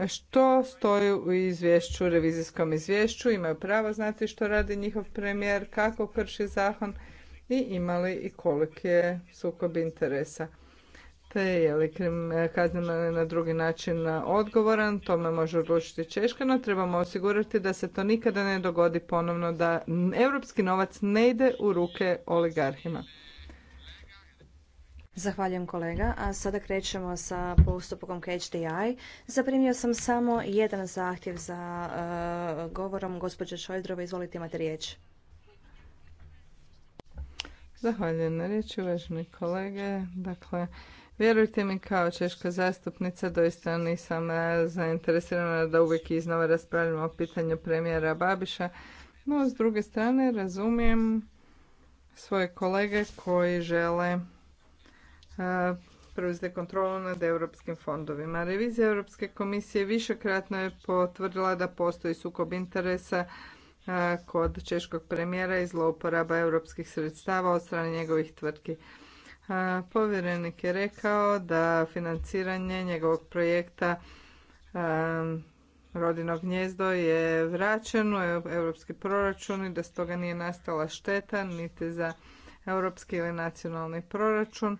[SPEAKER 2] što stoji u izvješću, revizijskom izvješću, imaju pravo znati što radi njihov premijer, kako krši zakon i imali i koliki je sukob interesa. Te je li kazneno na drugi način odgovoran, tome može odlučiti Češka, no trebamo osigurati da se to nikada ne dogodi ponovno, da europski novac ne ide u ruke oligarhima.
[SPEAKER 3] Zahvaljujem kolega. A sada krećemo sa postupkom HDI. Zaprimio sam samo jedan zahtjev za eh, govorom. Gospođa Šojdrova, izvolite imate riječ.
[SPEAKER 2] Zahvaljujem na riječi, uvaženi kolege. Dakle, vjerujte mi kao češka zastupnica, doista nisam eh, zainteresirana da uvijek iznova raspravljamo o pitanju premijera Babiša. No, s druge strane, razumijem svoje kolege koji žele preuzde kontrolu nad europskim fondovima. Revizija Europske komisije višekratno je potvrdila da postoji sukob interesa kod češkog premijera i zlouporaba europskih sredstava od strane njegovih tvrtki. Povjerenik je rekao da financiranje njegovog projekta rodinog gnjezdo je vraćeno u europski proračun i da stoga nije nastala šteta niti za europski ili nacionalni proračun.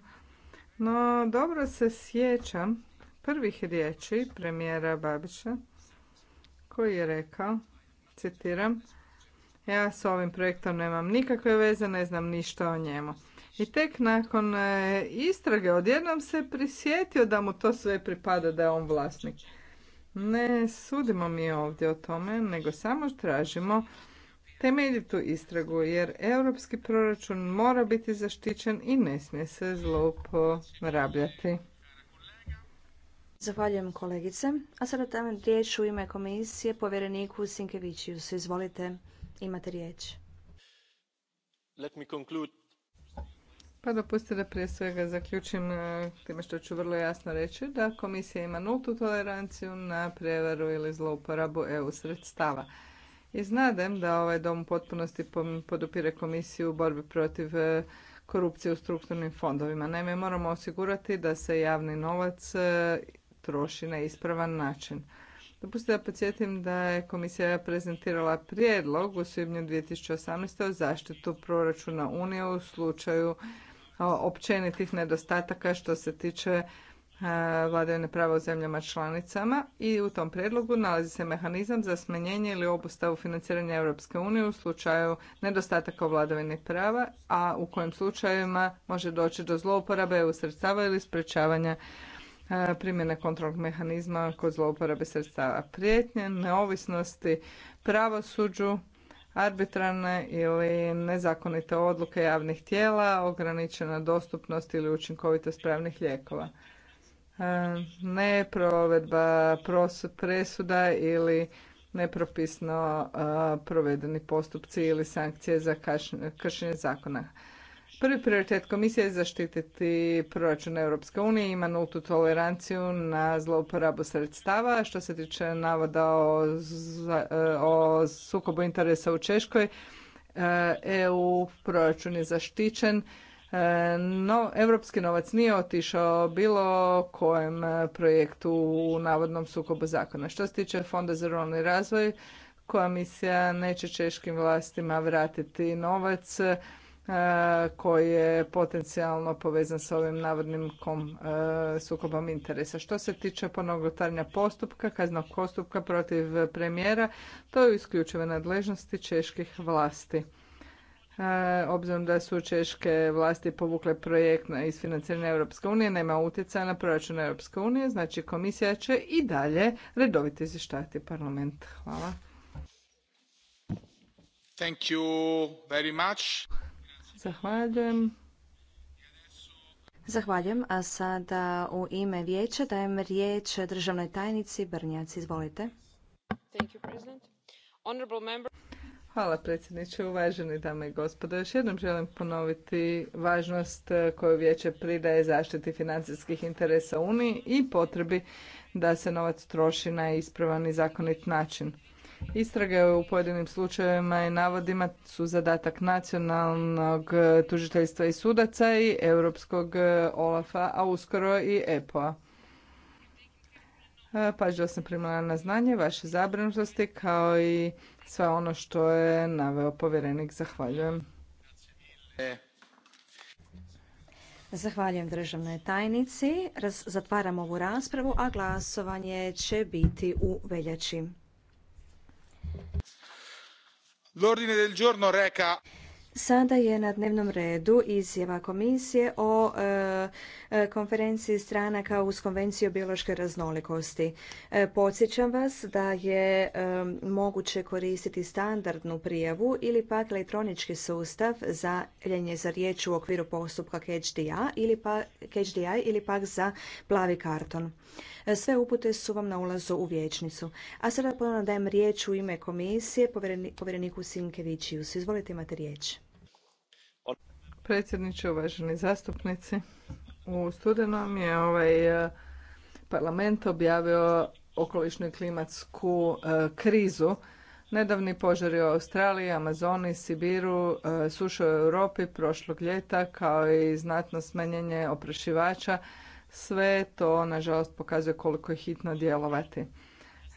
[SPEAKER 2] No, dobro se sjećam prvih riječi premijera Babića koji je rekao, citiram, ja s ovim projektom nemam nikakve veze, ne znam ništa o njemu. I tek nakon e, istrage odjednom se prisjetio da mu to sve pripada, da je on vlasnik. Ne sudimo mi ovdje o tome, nego samo tražimo temeljitu istragu jer europski proračun mora biti zaštićen i ne smije se zlouporabljati.
[SPEAKER 3] Zahvaljujem kolegice. A sada tamo riječ u ime komisije povjereniku Sinkeviću. Izvolite, imate riječ.
[SPEAKER 2] Let me conclude. Pa dopustite da prije svega zaključim e, time što ću vrlo jasno reći da komisija ima nultu toleranciju na prevaru ili zlouporabu EU sredstava. I znadem da ovaj dom u potpunosti podupire komisiju u borbi protiv e, korupcije u strukturnim fondovima. Naime, moramo osigurati da se javni novac e, troši na ispravan način. Dopustite da podsjetim da je komisija prezentirala prijedlog u svibnju 2018. o zaštitu proračuna Unije u slučaju općenitih nedostataka što se tiče vladavine prava u zemljama članicama i u tom predlogu nalazi se mehanizam za smanjenje ili obustavu financiranja Europske unije u slučaju nedostataka vladavine prava, a u kojim slučajevima može doći do zlouporabe EU sredstava ili sprečavanja primjene kontrolnog mehanizma kod zlouporabe sredstava prijetnje, neovisnosti, pravosuđu, arbitrarne ili nezakonite odluke javnih tijela, ograničena dostupnost ili učinkovitost pravnih lijekova. E, ne provedba presuda ili nepropisno e, provedeni postupci ili sankcije za kršenje zakona. Prvi prioritet komisije je zaštititi proračun Europske unije, ima nultu toleranciju na zlouporabu sredstava. Što se tiče navoda o, e, o sukobu interesa u Češkoj, EU proračun je zaštićen E, no, europski novac nije otišao bilo kojem e, projektu u navodnom sukobu zakona. Što se tiče Fonda za ruralni razvoj, koja misija neće češkim vlastima vratiti novac e, koji je potencijalno povezan s ovim navodnim sukobom interesa. Što se tiče ponogotarnja postupka, kaznog postupka protiv premijera, to je u isključive nadležnosti čeških vlasti. E, obzirom da su češke vlasti povukle projekt na isfinanciranje Europske unije, nema utjecaja na proračun Europske unije, znači komisija će i dalje redovito izvještavati parlament. Hvala.
[SPEAKER 3] Thank you very much.
[SPEAKER 2] Zahvaljujem.
[SPEAKER 3] Zahvaljujem, a sada u ime vijeća dajem riječ državnoj tajnici Brnjac.
[SPEAKER 2] Izvolite. Thank you, Hvala predsjedniče, uvaženi dame i gospodo. Još jednom želim ponoviti važnost e, koju vijeće pridaje zaštiti financijskih interesa Uniji i potrebi da se novac troši na ispravan i zakonit način. Istrage u pojedinim slučajevima i navodima su zadatak nacionalnog e, tužiteljstva i sudaca i europskog e, Olafa, a uskoro i EPO-a. E, pažljivo sam primila na znanje vaše zabrinutosti kao i sve ono što je naveo povjerenik. Zahvaljujem. Zahvaljujem
[SPEAKER 3] državnoj tajnici. Zatvaram ovu raspravu, a glasovanje će biti u veljači.
[SPEAKER 1] L'ordine del giorno
[SPEAKER 3] Sada je na dnevnom redu izjava komisije o e, e, konferenciji stranaka uz konvenciju o biološkoj raznolikosti. E, podsjećam vas da je moguće koristiti standardnu prijavu ili pak elektronički sustav za ljenje za riječ u okviru postupka HDI ili, pak, ili pak za plavi karton. E, sve upute su vam na ulazu u vijećnicu. A sada ponovno dajem riječ u ime komisije povjereniku Sinkeviću. Izvolite,
[SPEAKER 2] imate riječ. Predsjedniče, uvaženi zastupnici, u studenom je ovaj e, parlament objavio okolišnu i klimatsku e, krizu. Nedavni požari u Australiji, Amazoni, Sibiru, sušo u Europi prošlog ljeta kao i znatno smanjenje oprašivača sve to, nažalost, pokazuje koliko je hitno djelovati.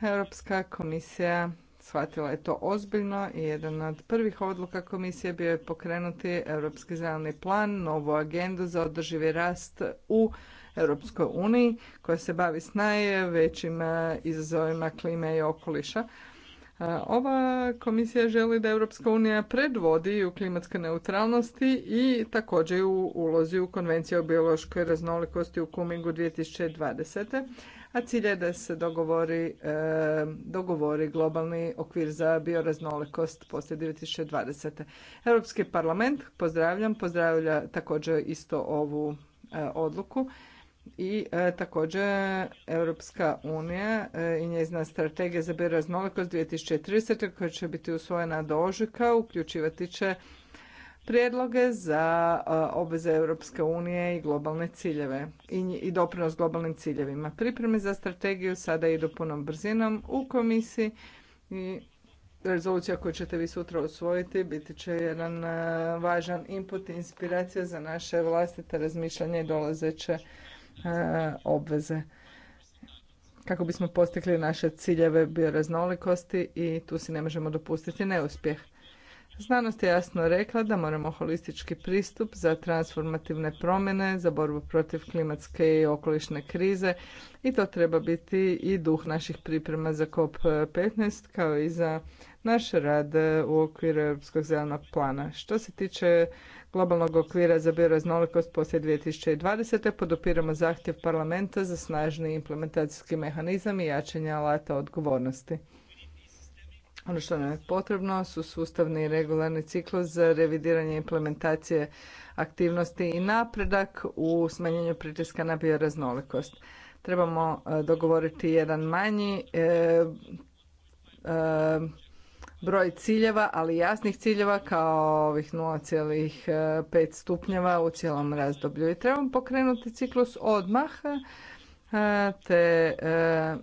[SPEAKER 2] Europska komisija shvatila je to ozbiljno i jedan od prvih odluka komisije bio je pokrenuti Europski zeleni plan, novu agendu za održivi rast u Europskoj uniji koja se bavi s najvećim eh, izazovima klime i okoliša ova komisija želi da Europska unija predvodi u klimatske neutralnosti i također u ulozi u konvenciju o biološkoj raznolikosti u Kumingu 2020. A cilj je da se dogovori, e, dogovori globalni okvir za bioraznolikost poslije 2020. Europski parlament, pozdravljam, pozdravlja također isto ovu e, odluku i e, također Europska unija e, i njezina strategija za bioraznolikost 2030. koja će biti usvojena do ožujka uključivati će prijedloge za e, obveze Europske unije i globalne ciljeve i, i doprinos globalnim ciljevima. Pripreme za strategiju sada idu punom brzinom u komisiji i rezolucija koju ćete vi sutra usvojiti biti će jedan važan input i inspiracija za naše vlastite razmišljanje i dolazeće E, obveze kako bismo postigli naše ciljeve bioraznolikosti i tu si ne možemo dopustiti neuspjeh. Znanost je jasno rekla da moramo holistički pristup za transformativne promjene, za borbu protiv klimatske i okolišne krize i to treba biti i duh naših priprema za COP15 kao i za naš rad u okviru Europskog zelenog plana. Što se tiče globalnog okvira za bioraznolikost poslije 2020. podupiramo zahtjev parlamenta za snažni implementacijski mehanizam i jačanje alata odgovornosti. Ono što nam je potrebno su sustavni i regularni ciklus za revidiranje implementacije aktivnosti i napredak u smanjenju pritiska na bioraznolikost. Trebamo e, dogovoriti jedan manji e, e, broj ciljeva, ali jasnih ciljeva kao ovih 0,5 stupnjeva u cijelom razdoblju. I trebamo pokrenuti ciklus odmah e, te e,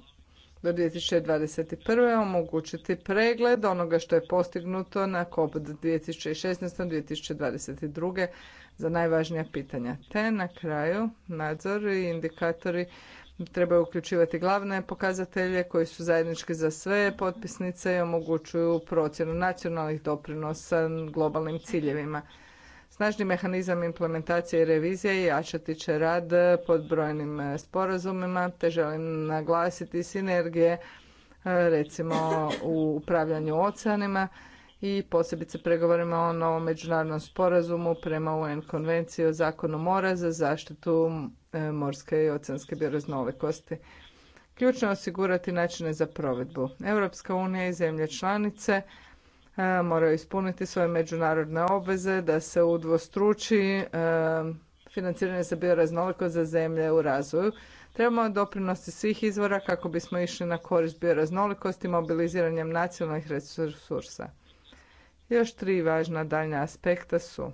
[SPEAKER 2] do 2021. omogućiti pregled onoga što je postignuto na COP 2016. 2022. za najvažnija pitanja. Te na kraju nadzori i indikatori Treba uključivati glavne pokazatelje koji su zajednički za sve potpisnice i omogućuju procjenu nacionalnih doprinosa globalnim ciljevima. Snažni mehanizam implementacije i revizije jačati će rad pod brojnim e, sporazumima, te želim naglasiti sinergije e, recimo u upravljanju oceanima i posebice pregovorima o novom međunarodnom sporazumu prema UN konvenciji o zakonu mora za zaštitu E, morske i oceanske bioraznolikosti. Ključno je osigurati načine za provedbu. Europska unija i zemlje članice e, moraju ispuniti svoje međunarodne obveze da se udvostruči e, financiranje za bioraznolikost za zemlje u razvoju. Trebamo doprinosti svih izvora kako bismo išli na korist bioraznolikosti mobiliziranjem nacionalnih resursa. Još tri važna daljnja aspekta su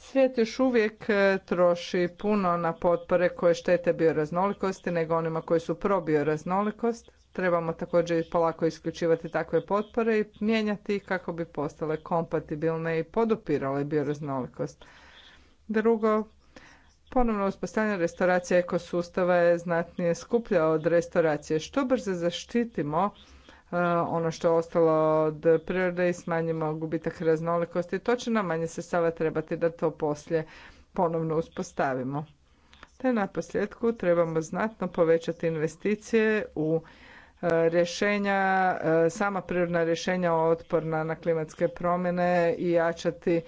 [SPEAKER 2] Svijet još uvijek e, troši puno na potpore koje štete bioraznolikosti nego onima koji su pro bioraznolikost. Trebamo također i polako isključivati takve potpore i mijenjati ih kako bi postale kompatibilne i podupirale bioraznolikost. Drugo, ponovno uspostavljanje restauracije ekosustava je znatnije skuplja od restauracije. Što brže zaštitimo Eh, ono što je ostalo od prirode i smanjimo gubitak raznolikosti. To će nam manje sredstava trebati da to poslije ponovno uspostavimo. Te na posljedku trebamo znatno povećati investicije u eh, rješenja, eh, sama prirodna rješenja otporna na klimatske promjene i jačati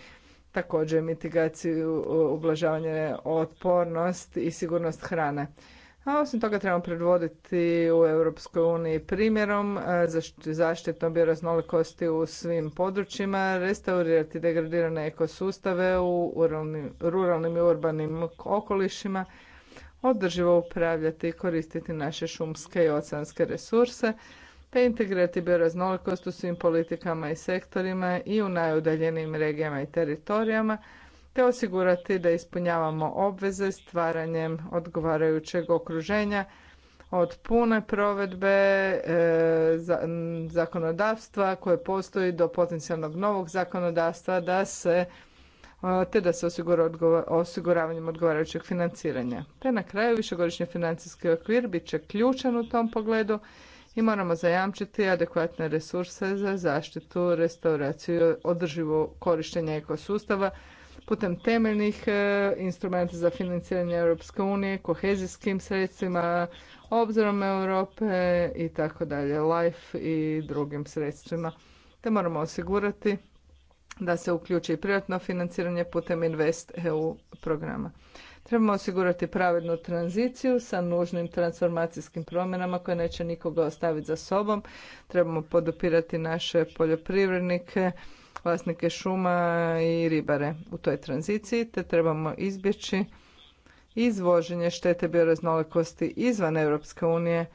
[SPEAKER 2] također mitigaciju, ublažavanje otpornost i sigurnost hrane. A osim toga trebamo predvoditi u Europskoj uniji primjerom, e, zaštitom bioraznolikosti u svim područjima, restaurirati degradirane ekosustave u ruralnim i urbanim okolišima, održivo upravljati i koristiti naše šumske i oceanske resurse, te integrirati bioraznolikost u svim politikama i sektorima i u najudaljenijim regijama i teritorijama, te osigurati da ispunjavamo obveze stvaranjem odgovarajućeg okruženja od pune provedbe e, zakonodavstva koje postoji do potencijalnog novog zakonodavstva da se e, te da se osigura osiguravanjem odgovarajućeg financiranja. Te na kraju višegodišnji financijski okvir bit će ključan u tom pogledu i moramo zajamčiti adekvatne resurse za zaštitu, restauraciju, održivo korištenje ekosustava putem temeljnih e, instrumenta za financiranje Europske unije, kohezijskim sredstvima, obzirom Europe i tako dalje, LIFE i drugim sredstvima. Te moramo osigurati da se uključi i privatno financiranje putem Invest EU programa. Trebamo osigurati pravednu tranziciju sa nužnim transformacijskim promjenama koje neće nikoga ostaviti za sobom. Trebamo podupirati naše poljoprivrednike vlasnike šuma i ribare u toj tranziciji, te trebamo izbjeći izvoženje štete bioraznolikosti izvan Europske unije e,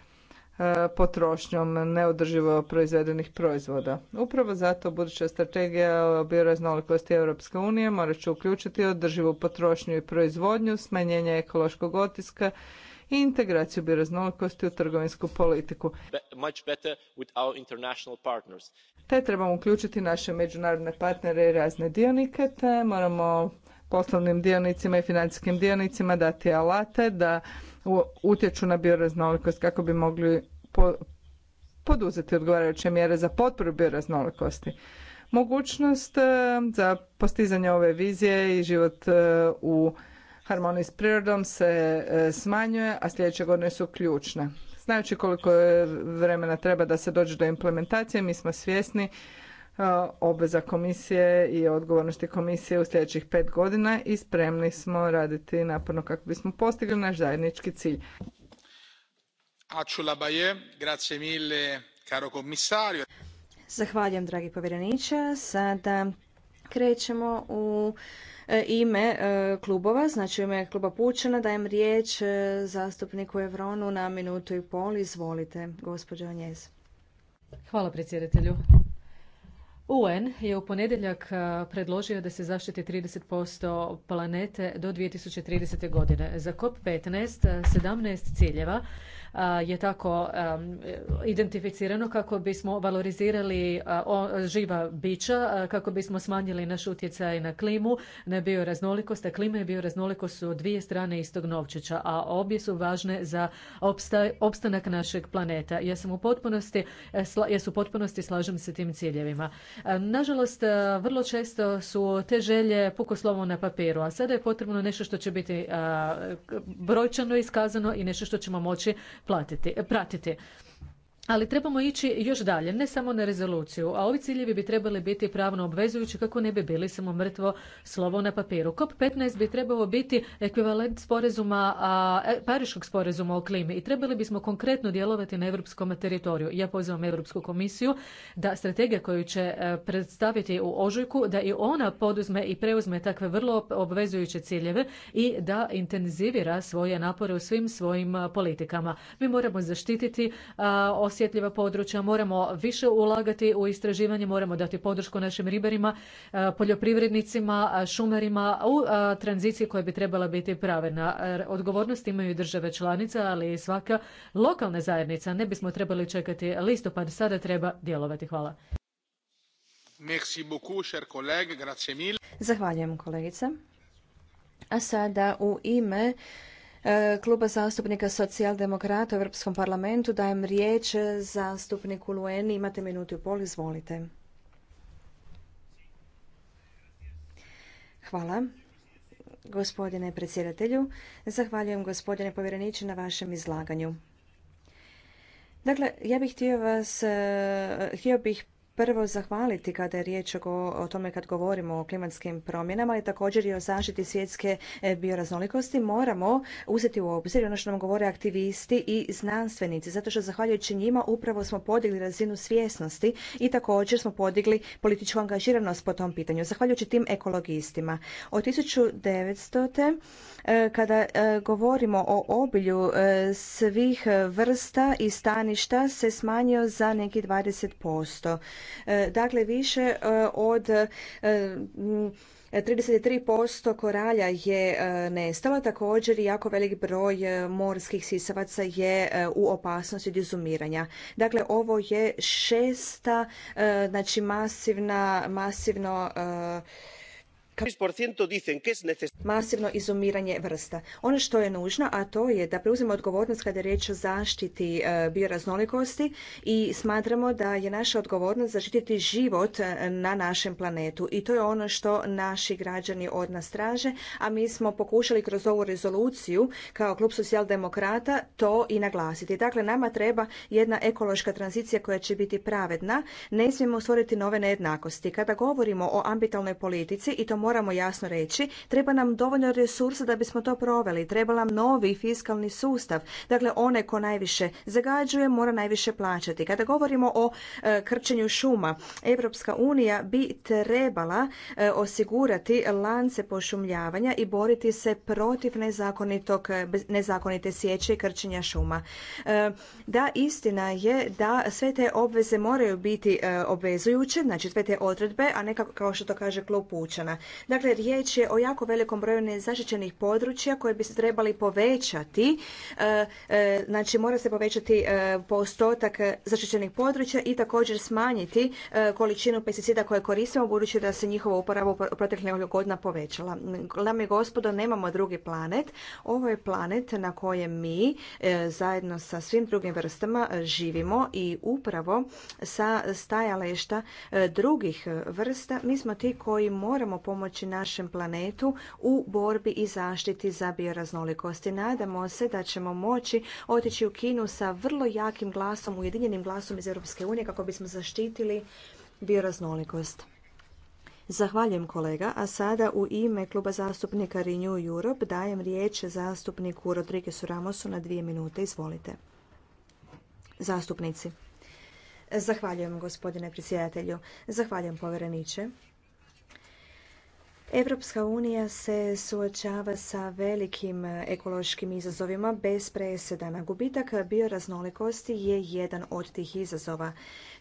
[SPEAKER 2] potrošnjom neodrživo proizvedenih proizvoda. Upravo zato buduća strategija o bioraznolikosti Europske unije mora će uključiti održivu potrošnju i proizvodnju, smanjenje ekološkog otiska i integraciju bioraznolikosti u trgovinsku politiku. Te trebamo uključiti naše međunarodne partnere i razne dionike, te moramo poslovnim dionicima i financijskim dionicima dati alate da utječu na bioraznolikost kako bi mogli poduzeti odgovarajuće mjere za potporu bioraznolikosti. Mogućnost eh, za postizanje ove vizije i život eh, u harmoniji s prirodom se e, smanjuje, a sljedeće godine su ključne. Znajući koliko je vremena treba da se dođe do implementacije, mi smo svjesni e, obveza komisije i odgovornosti komisije u sljedećih pet godina i spremni smo raditi naporno kako bismo postigli naš zajednički cilj. Zahvaljujem, dragi povjereniče.
[SPEAKER 3] Sada krećemo u E, ime e, klubova, znači ime kluba Pučana, dajem riječ e, zastupniku Evronu na minutu i pol.
[SPEAKER 1] Izvolite, gospođo Onjez. Hvala predsjedatelju. UN je u ponedjeljak predložio da se zaštiti 30% planete do 2030. godine. Za COP15 17 ciljeva je tako identificirano kako bismo valorizirali živa bića, kako bismo smanjili naš utjecaj na klimu, na bioraznolikost, a klima i bioraznolikost su dvije strane istog novčića, a obje su važne za opstanak našeg planeta. Ja sam u potpunosti, e, ja se u potpunosti slažem se tim ciljevima. E, nažalost, e, vrlo često su te želje puko slovo na papiru, a sada je potrebno nešto što će biti brojčano iskazano i nešto što ćemo moći platiti, pratiti ali trebamo ići još dalje, ne samo na rezoluciju, a ovi ciljevi bi trebali biti pravno obvezujući kako ne bi bili samo mrtvo slovo na papiru. COP15 bi trebalo biti ekvivalent sporazuma, a, e, Pariškog sporazuma o klimi i trebali bismo konkretno djelovati na evropskom teritoriju. Ja pozivam Europsku komisiju da strategija koju će e, predstaviti u ožujku, da i ona poduzme i preuzme takve vrlo obvezujuće ciljeve i da intenzivira svoje napore u svim svojim politikama. Mi moramo zaštititi a, osjetljiva područja, moramo više ulagati u istraživanje, moramo dati podršku našim ribarima, e, poljoprivrednicima, e, šumarima u e, tranziciji koja bi trebala biti pravedna. Odgovornost imaju i države članice, ali i svaka lokalna zajednica. Ne bismo trebali čekati listopad, sada treba djelovati. Hvala. Zahvaljujem kolegice. A
[SPEAKER 3] sada u ime E, Kluba zastupnika socijaldemokrata u Europskom parlamentu dajem riječ zastupniku Lueni. Imate minutu u pol, izvolite. Hvala. Gospodine predsjedatelju, zahvaljujem gospodine povjereniče na vašem izlaganju. Dakle, ja bih htio vas, e, htio bih prvo zahvaliti kada je riječ o, tome kad govorimo o klimatskim promjenama, i također i o zaštiti svjetske e, bioraznolikosti, moramo uzeti u obzir ono što nam govore aktivisti i znanstvenici, zato što zahvaljujući njima upravo smo podigli razinu svjesnosti i također smo podigli političku angažiranost po tom pitanju, zahvaljujući tim ekologistima. Od 1900. E, kada e, govorimo o obilju svih vrsta i staništa se smanjio za neki 20%. E, dakle, više e, od 33% e, koralja je nestalo, također jako velik broj morskih sisavaca je u opasnosti od izumiranja. Dakle, ovo je šesta, znači masivna, masivno masivno izumiranje vrsta. Ono što je nužno, a to je da preuzmemo odgovornost kada je riječ o zaštiti e, bioraznolikosti i smatramo da je naša odgovornost zaštititi život e, na našem planetu i to je ono što naši građani od nas traže, a mi smo pokušali kroz ovu rezoluciju kao klub socijaldemokrata to i naglasiti. Dakle, nama treba jedna ekološka tranzicija koja će biti pravedna. Ne smijemo stvoriti nove nejednakosti. Kada govorimo o ambitalnoj politici i to moramo jasno reći, treba nam dovoljno resursa da bismo to proveli, treba nam novi fiskalni sustav. Dakle, onaj ko najviše zagađuje mora najviše plaćati. Kada govorimo o e, krčenju šuma, Europska unija bi trebala e, osigurati lance pošumljavanja i boriti se protiv nezakonitog, e, nezakonite sječe i krčenja šuma. Da, istina je da sve te obveze moraju biti obvezujuće, znači sve te odredbe, a ne kao što to kaže klub Pučana. Dakle, riječ je o jako velikom broju nezaštićenih područja koje bi se trebali povećati. E, e, znači, mora se povećati e, postotak zaštićenih područja i također smanjiti količinu pesticida koje koristimo, budući da se njihova uporaba u proteklih nekoliko godina povećala. Dame i gospodo, nemamo drugi planet. Ovo je planet na kojem mi zajedno sa svim drugim vrstama živimo i upravo sa stajališta drugih vrsta mi smo ti koji moramo pomoći pomoći našem planetu u borbi i zaštiti za bioraznolikost. nadamo se da ćemo moći otići u Kinu sa vrlo jakim glasom, ujedinjenim glasom iz Europske unije kako bismo zaštitili bioraznolikost. Zahvaljujem kolega, a sada u ime kluba zastupnika Renew Europe dajem riječ zastupniku Rodrigesu Ramosu na dvije minute. Izvolite. Zastupnici. Zahvaljujem gospodine predsjedatelju. Zahvaljujem povjereniče. Evropska unija se suočava sa velikim ekološkim izazovima bez presedana. Gubitak bioraznolikosti je jedan od tih izazova.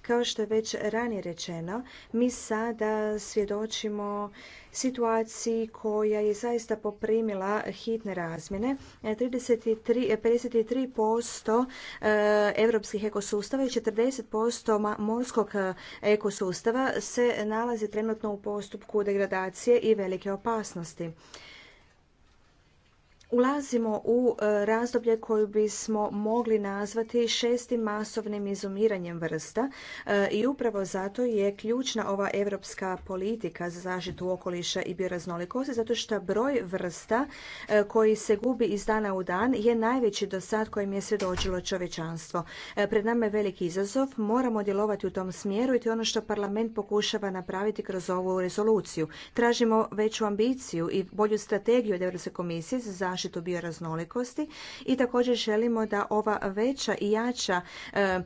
[SPEAKER 3] Kao što je već ranije rečeno, mi sada svjedočimo situaciji koja je zaista poprimila hitne razmjene. 33, 53% europskih ekosustava i 40% morskog e, ekosustava se nalazi trenutno u postupku degradacije i velike opasnosti. Ulazimo u e, razdoblje koje bismo mogli nazvati šestim masovnim izumiranjem vrsta e, i upravo zato je ključna ova europska politika za zaštitu okoliša i bioraznolikosti zato što broj vrsta e, koji se gubi iz dana u dan je najveći do sad kojim je svjedočilo čovječanstvo. Pred nama je veliki izazov, moramo djelovati u tom smjeru i to je ono što parlament pokušava napraviti kroz ovu rezoluciju. Tražimo veću ambiciju i bolju strategiju od Europske komisije za zaštitu zaštitu bioraznolikosti i također želimo da ova veća i jača e, e,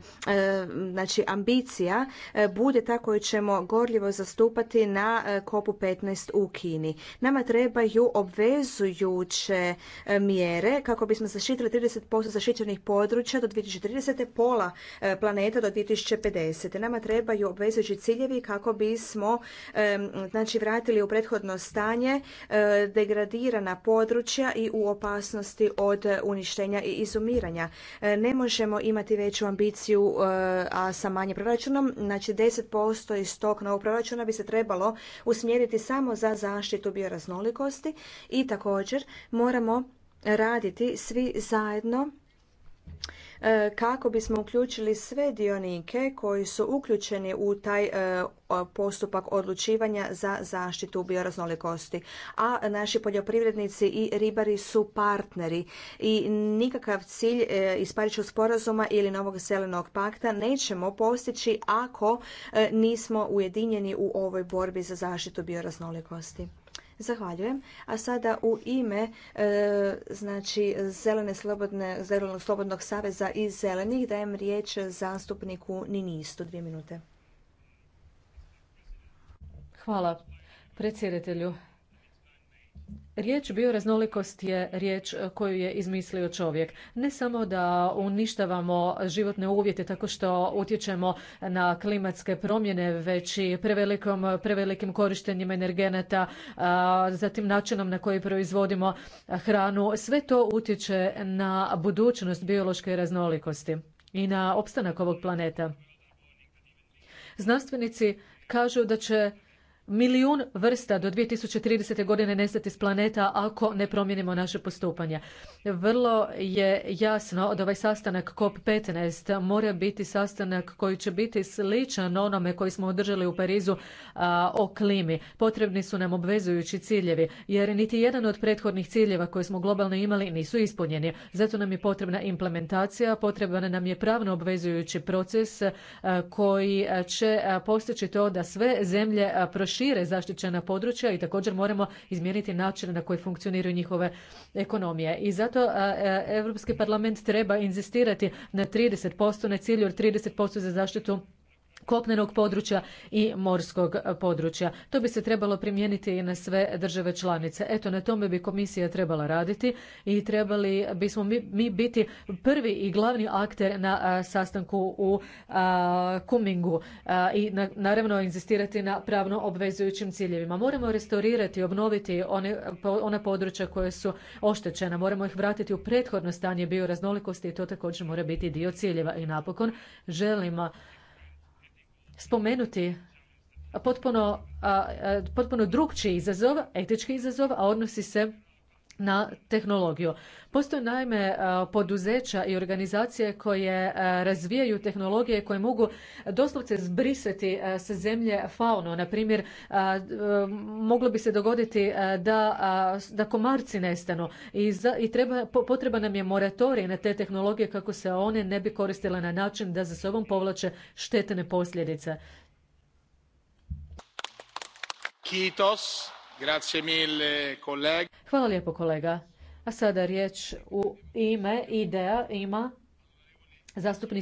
[SPEAKER 3] znači ambicija e, bude ta koju ćemo gorljivo zastupati na kopu 15 u Kini. Nama trebaju obvezujuće mjere kako bismo zaštitili 30% zaštićenih područja do 2030. pola planeta do 2050. Nama trebaju obvezujući ciljevi kako bismo znači vratili u prethodno stanje degradirana područja i u opasnosti od e, uništenja i izumiranja. E, ne možemo imati veću ambiciju, e, a sa manje proračunom, znači 10% iz tog novog proračuna bi se trebalo usmjeriti samo za zaštitu bioraznolikosti i također moramo raditi svi zajedno E, kako bismo uključili sve dionike koji su uključeni u taj e, postupak odlučivanja za zaštitu bioraznolikosti. A naši poljoprivrednici i ribari su partneri i nikakav cilj e, iz Pariškog sporazuma ili novog zelenog pakta nećemo postići ako nismo ujedinjeni u ovoj borbi za zaštitu bioraznolikosti. Zahvaljujem. A sada u ime e, znači Zelene slobodne, Zelenog slobodnog saveza i Zelenih dajem riječ zastupniku Ninistu. Dvije minute.
[SPEAKER 1] Hvala predsjedatelju. Riječ bioraznolikost je riječ e, koju je izmislio čovjek. Ne samo da uništavamo životne uvjete tako što utječemo na klimatske promjene, već i prevelikom, prevelikim korištenjem energenata, zatim načinom na koji proizvodimo hranu. Sve to utječe na budućnost biološke raznolikosti i na opstanak ovog planeta. Znanstvenici kažu da će milijun vrsta do 2030. godine nestati s planeta ako ne promijenimo naše postupanje. Vrlo je jasno da ovaj sastanak COP15 mora biti sastanak koji će biti sličan onome koji smo održali u Parizu o klimi. Potrebni su nam obvezujući ciljevi, jer niti jedan od prethodnih ciljeva koje smo globalno imali nisu ispunjeni. Zato nam je potrebna implementacija, potreban nam je pravno obvezujući proces koji će postići to da sve zemlje proširaju šire zaštićena područja i također moramo izmijeniti način na koji funkcioniraju njihove ekonomije. I zato Europski parlament treba inzistirati na 30%, na cilju od 30% za zaštitu kopnenog područja i morskog područja. To bi se trebalo primijeniti i na sve države članice. Eto, na tome bi komisija trebala raditi i trebali bismo mi, biti prvi i glavni akter na sastanku u Kumingu i naravno inzistirati na pravno obvezujućim ciljevima. Moramo restaurirati, obnoviti one, ona područja koje su oštećena. Moramo ih vratiti u prethodno stanje bioraznolikosti i to također mora biti dio ciljeva. I napokon želimo spomenuti potpuno, potpuno drugčiji izazov, etički izazov, a odnosi se na tehnologiju. Postoje naime e, poduzeća i organizacije koje e, razvijaju tehnologije koje mogu doslovce zbrisati e, sa zemlje faunu. Na primjer, moglo bi se dogoditi da, da komarci nestanu i, i treba, potreba nam je moratorij na te tehnologije kako se one ne bi koristile na način da za sobom povlače štetne posljedice.
[SPEAKER 3] Kitos.
[SPEAKER 1] Hvala lijepo kolega. A sada riječ u ime IDEA ima zastupnica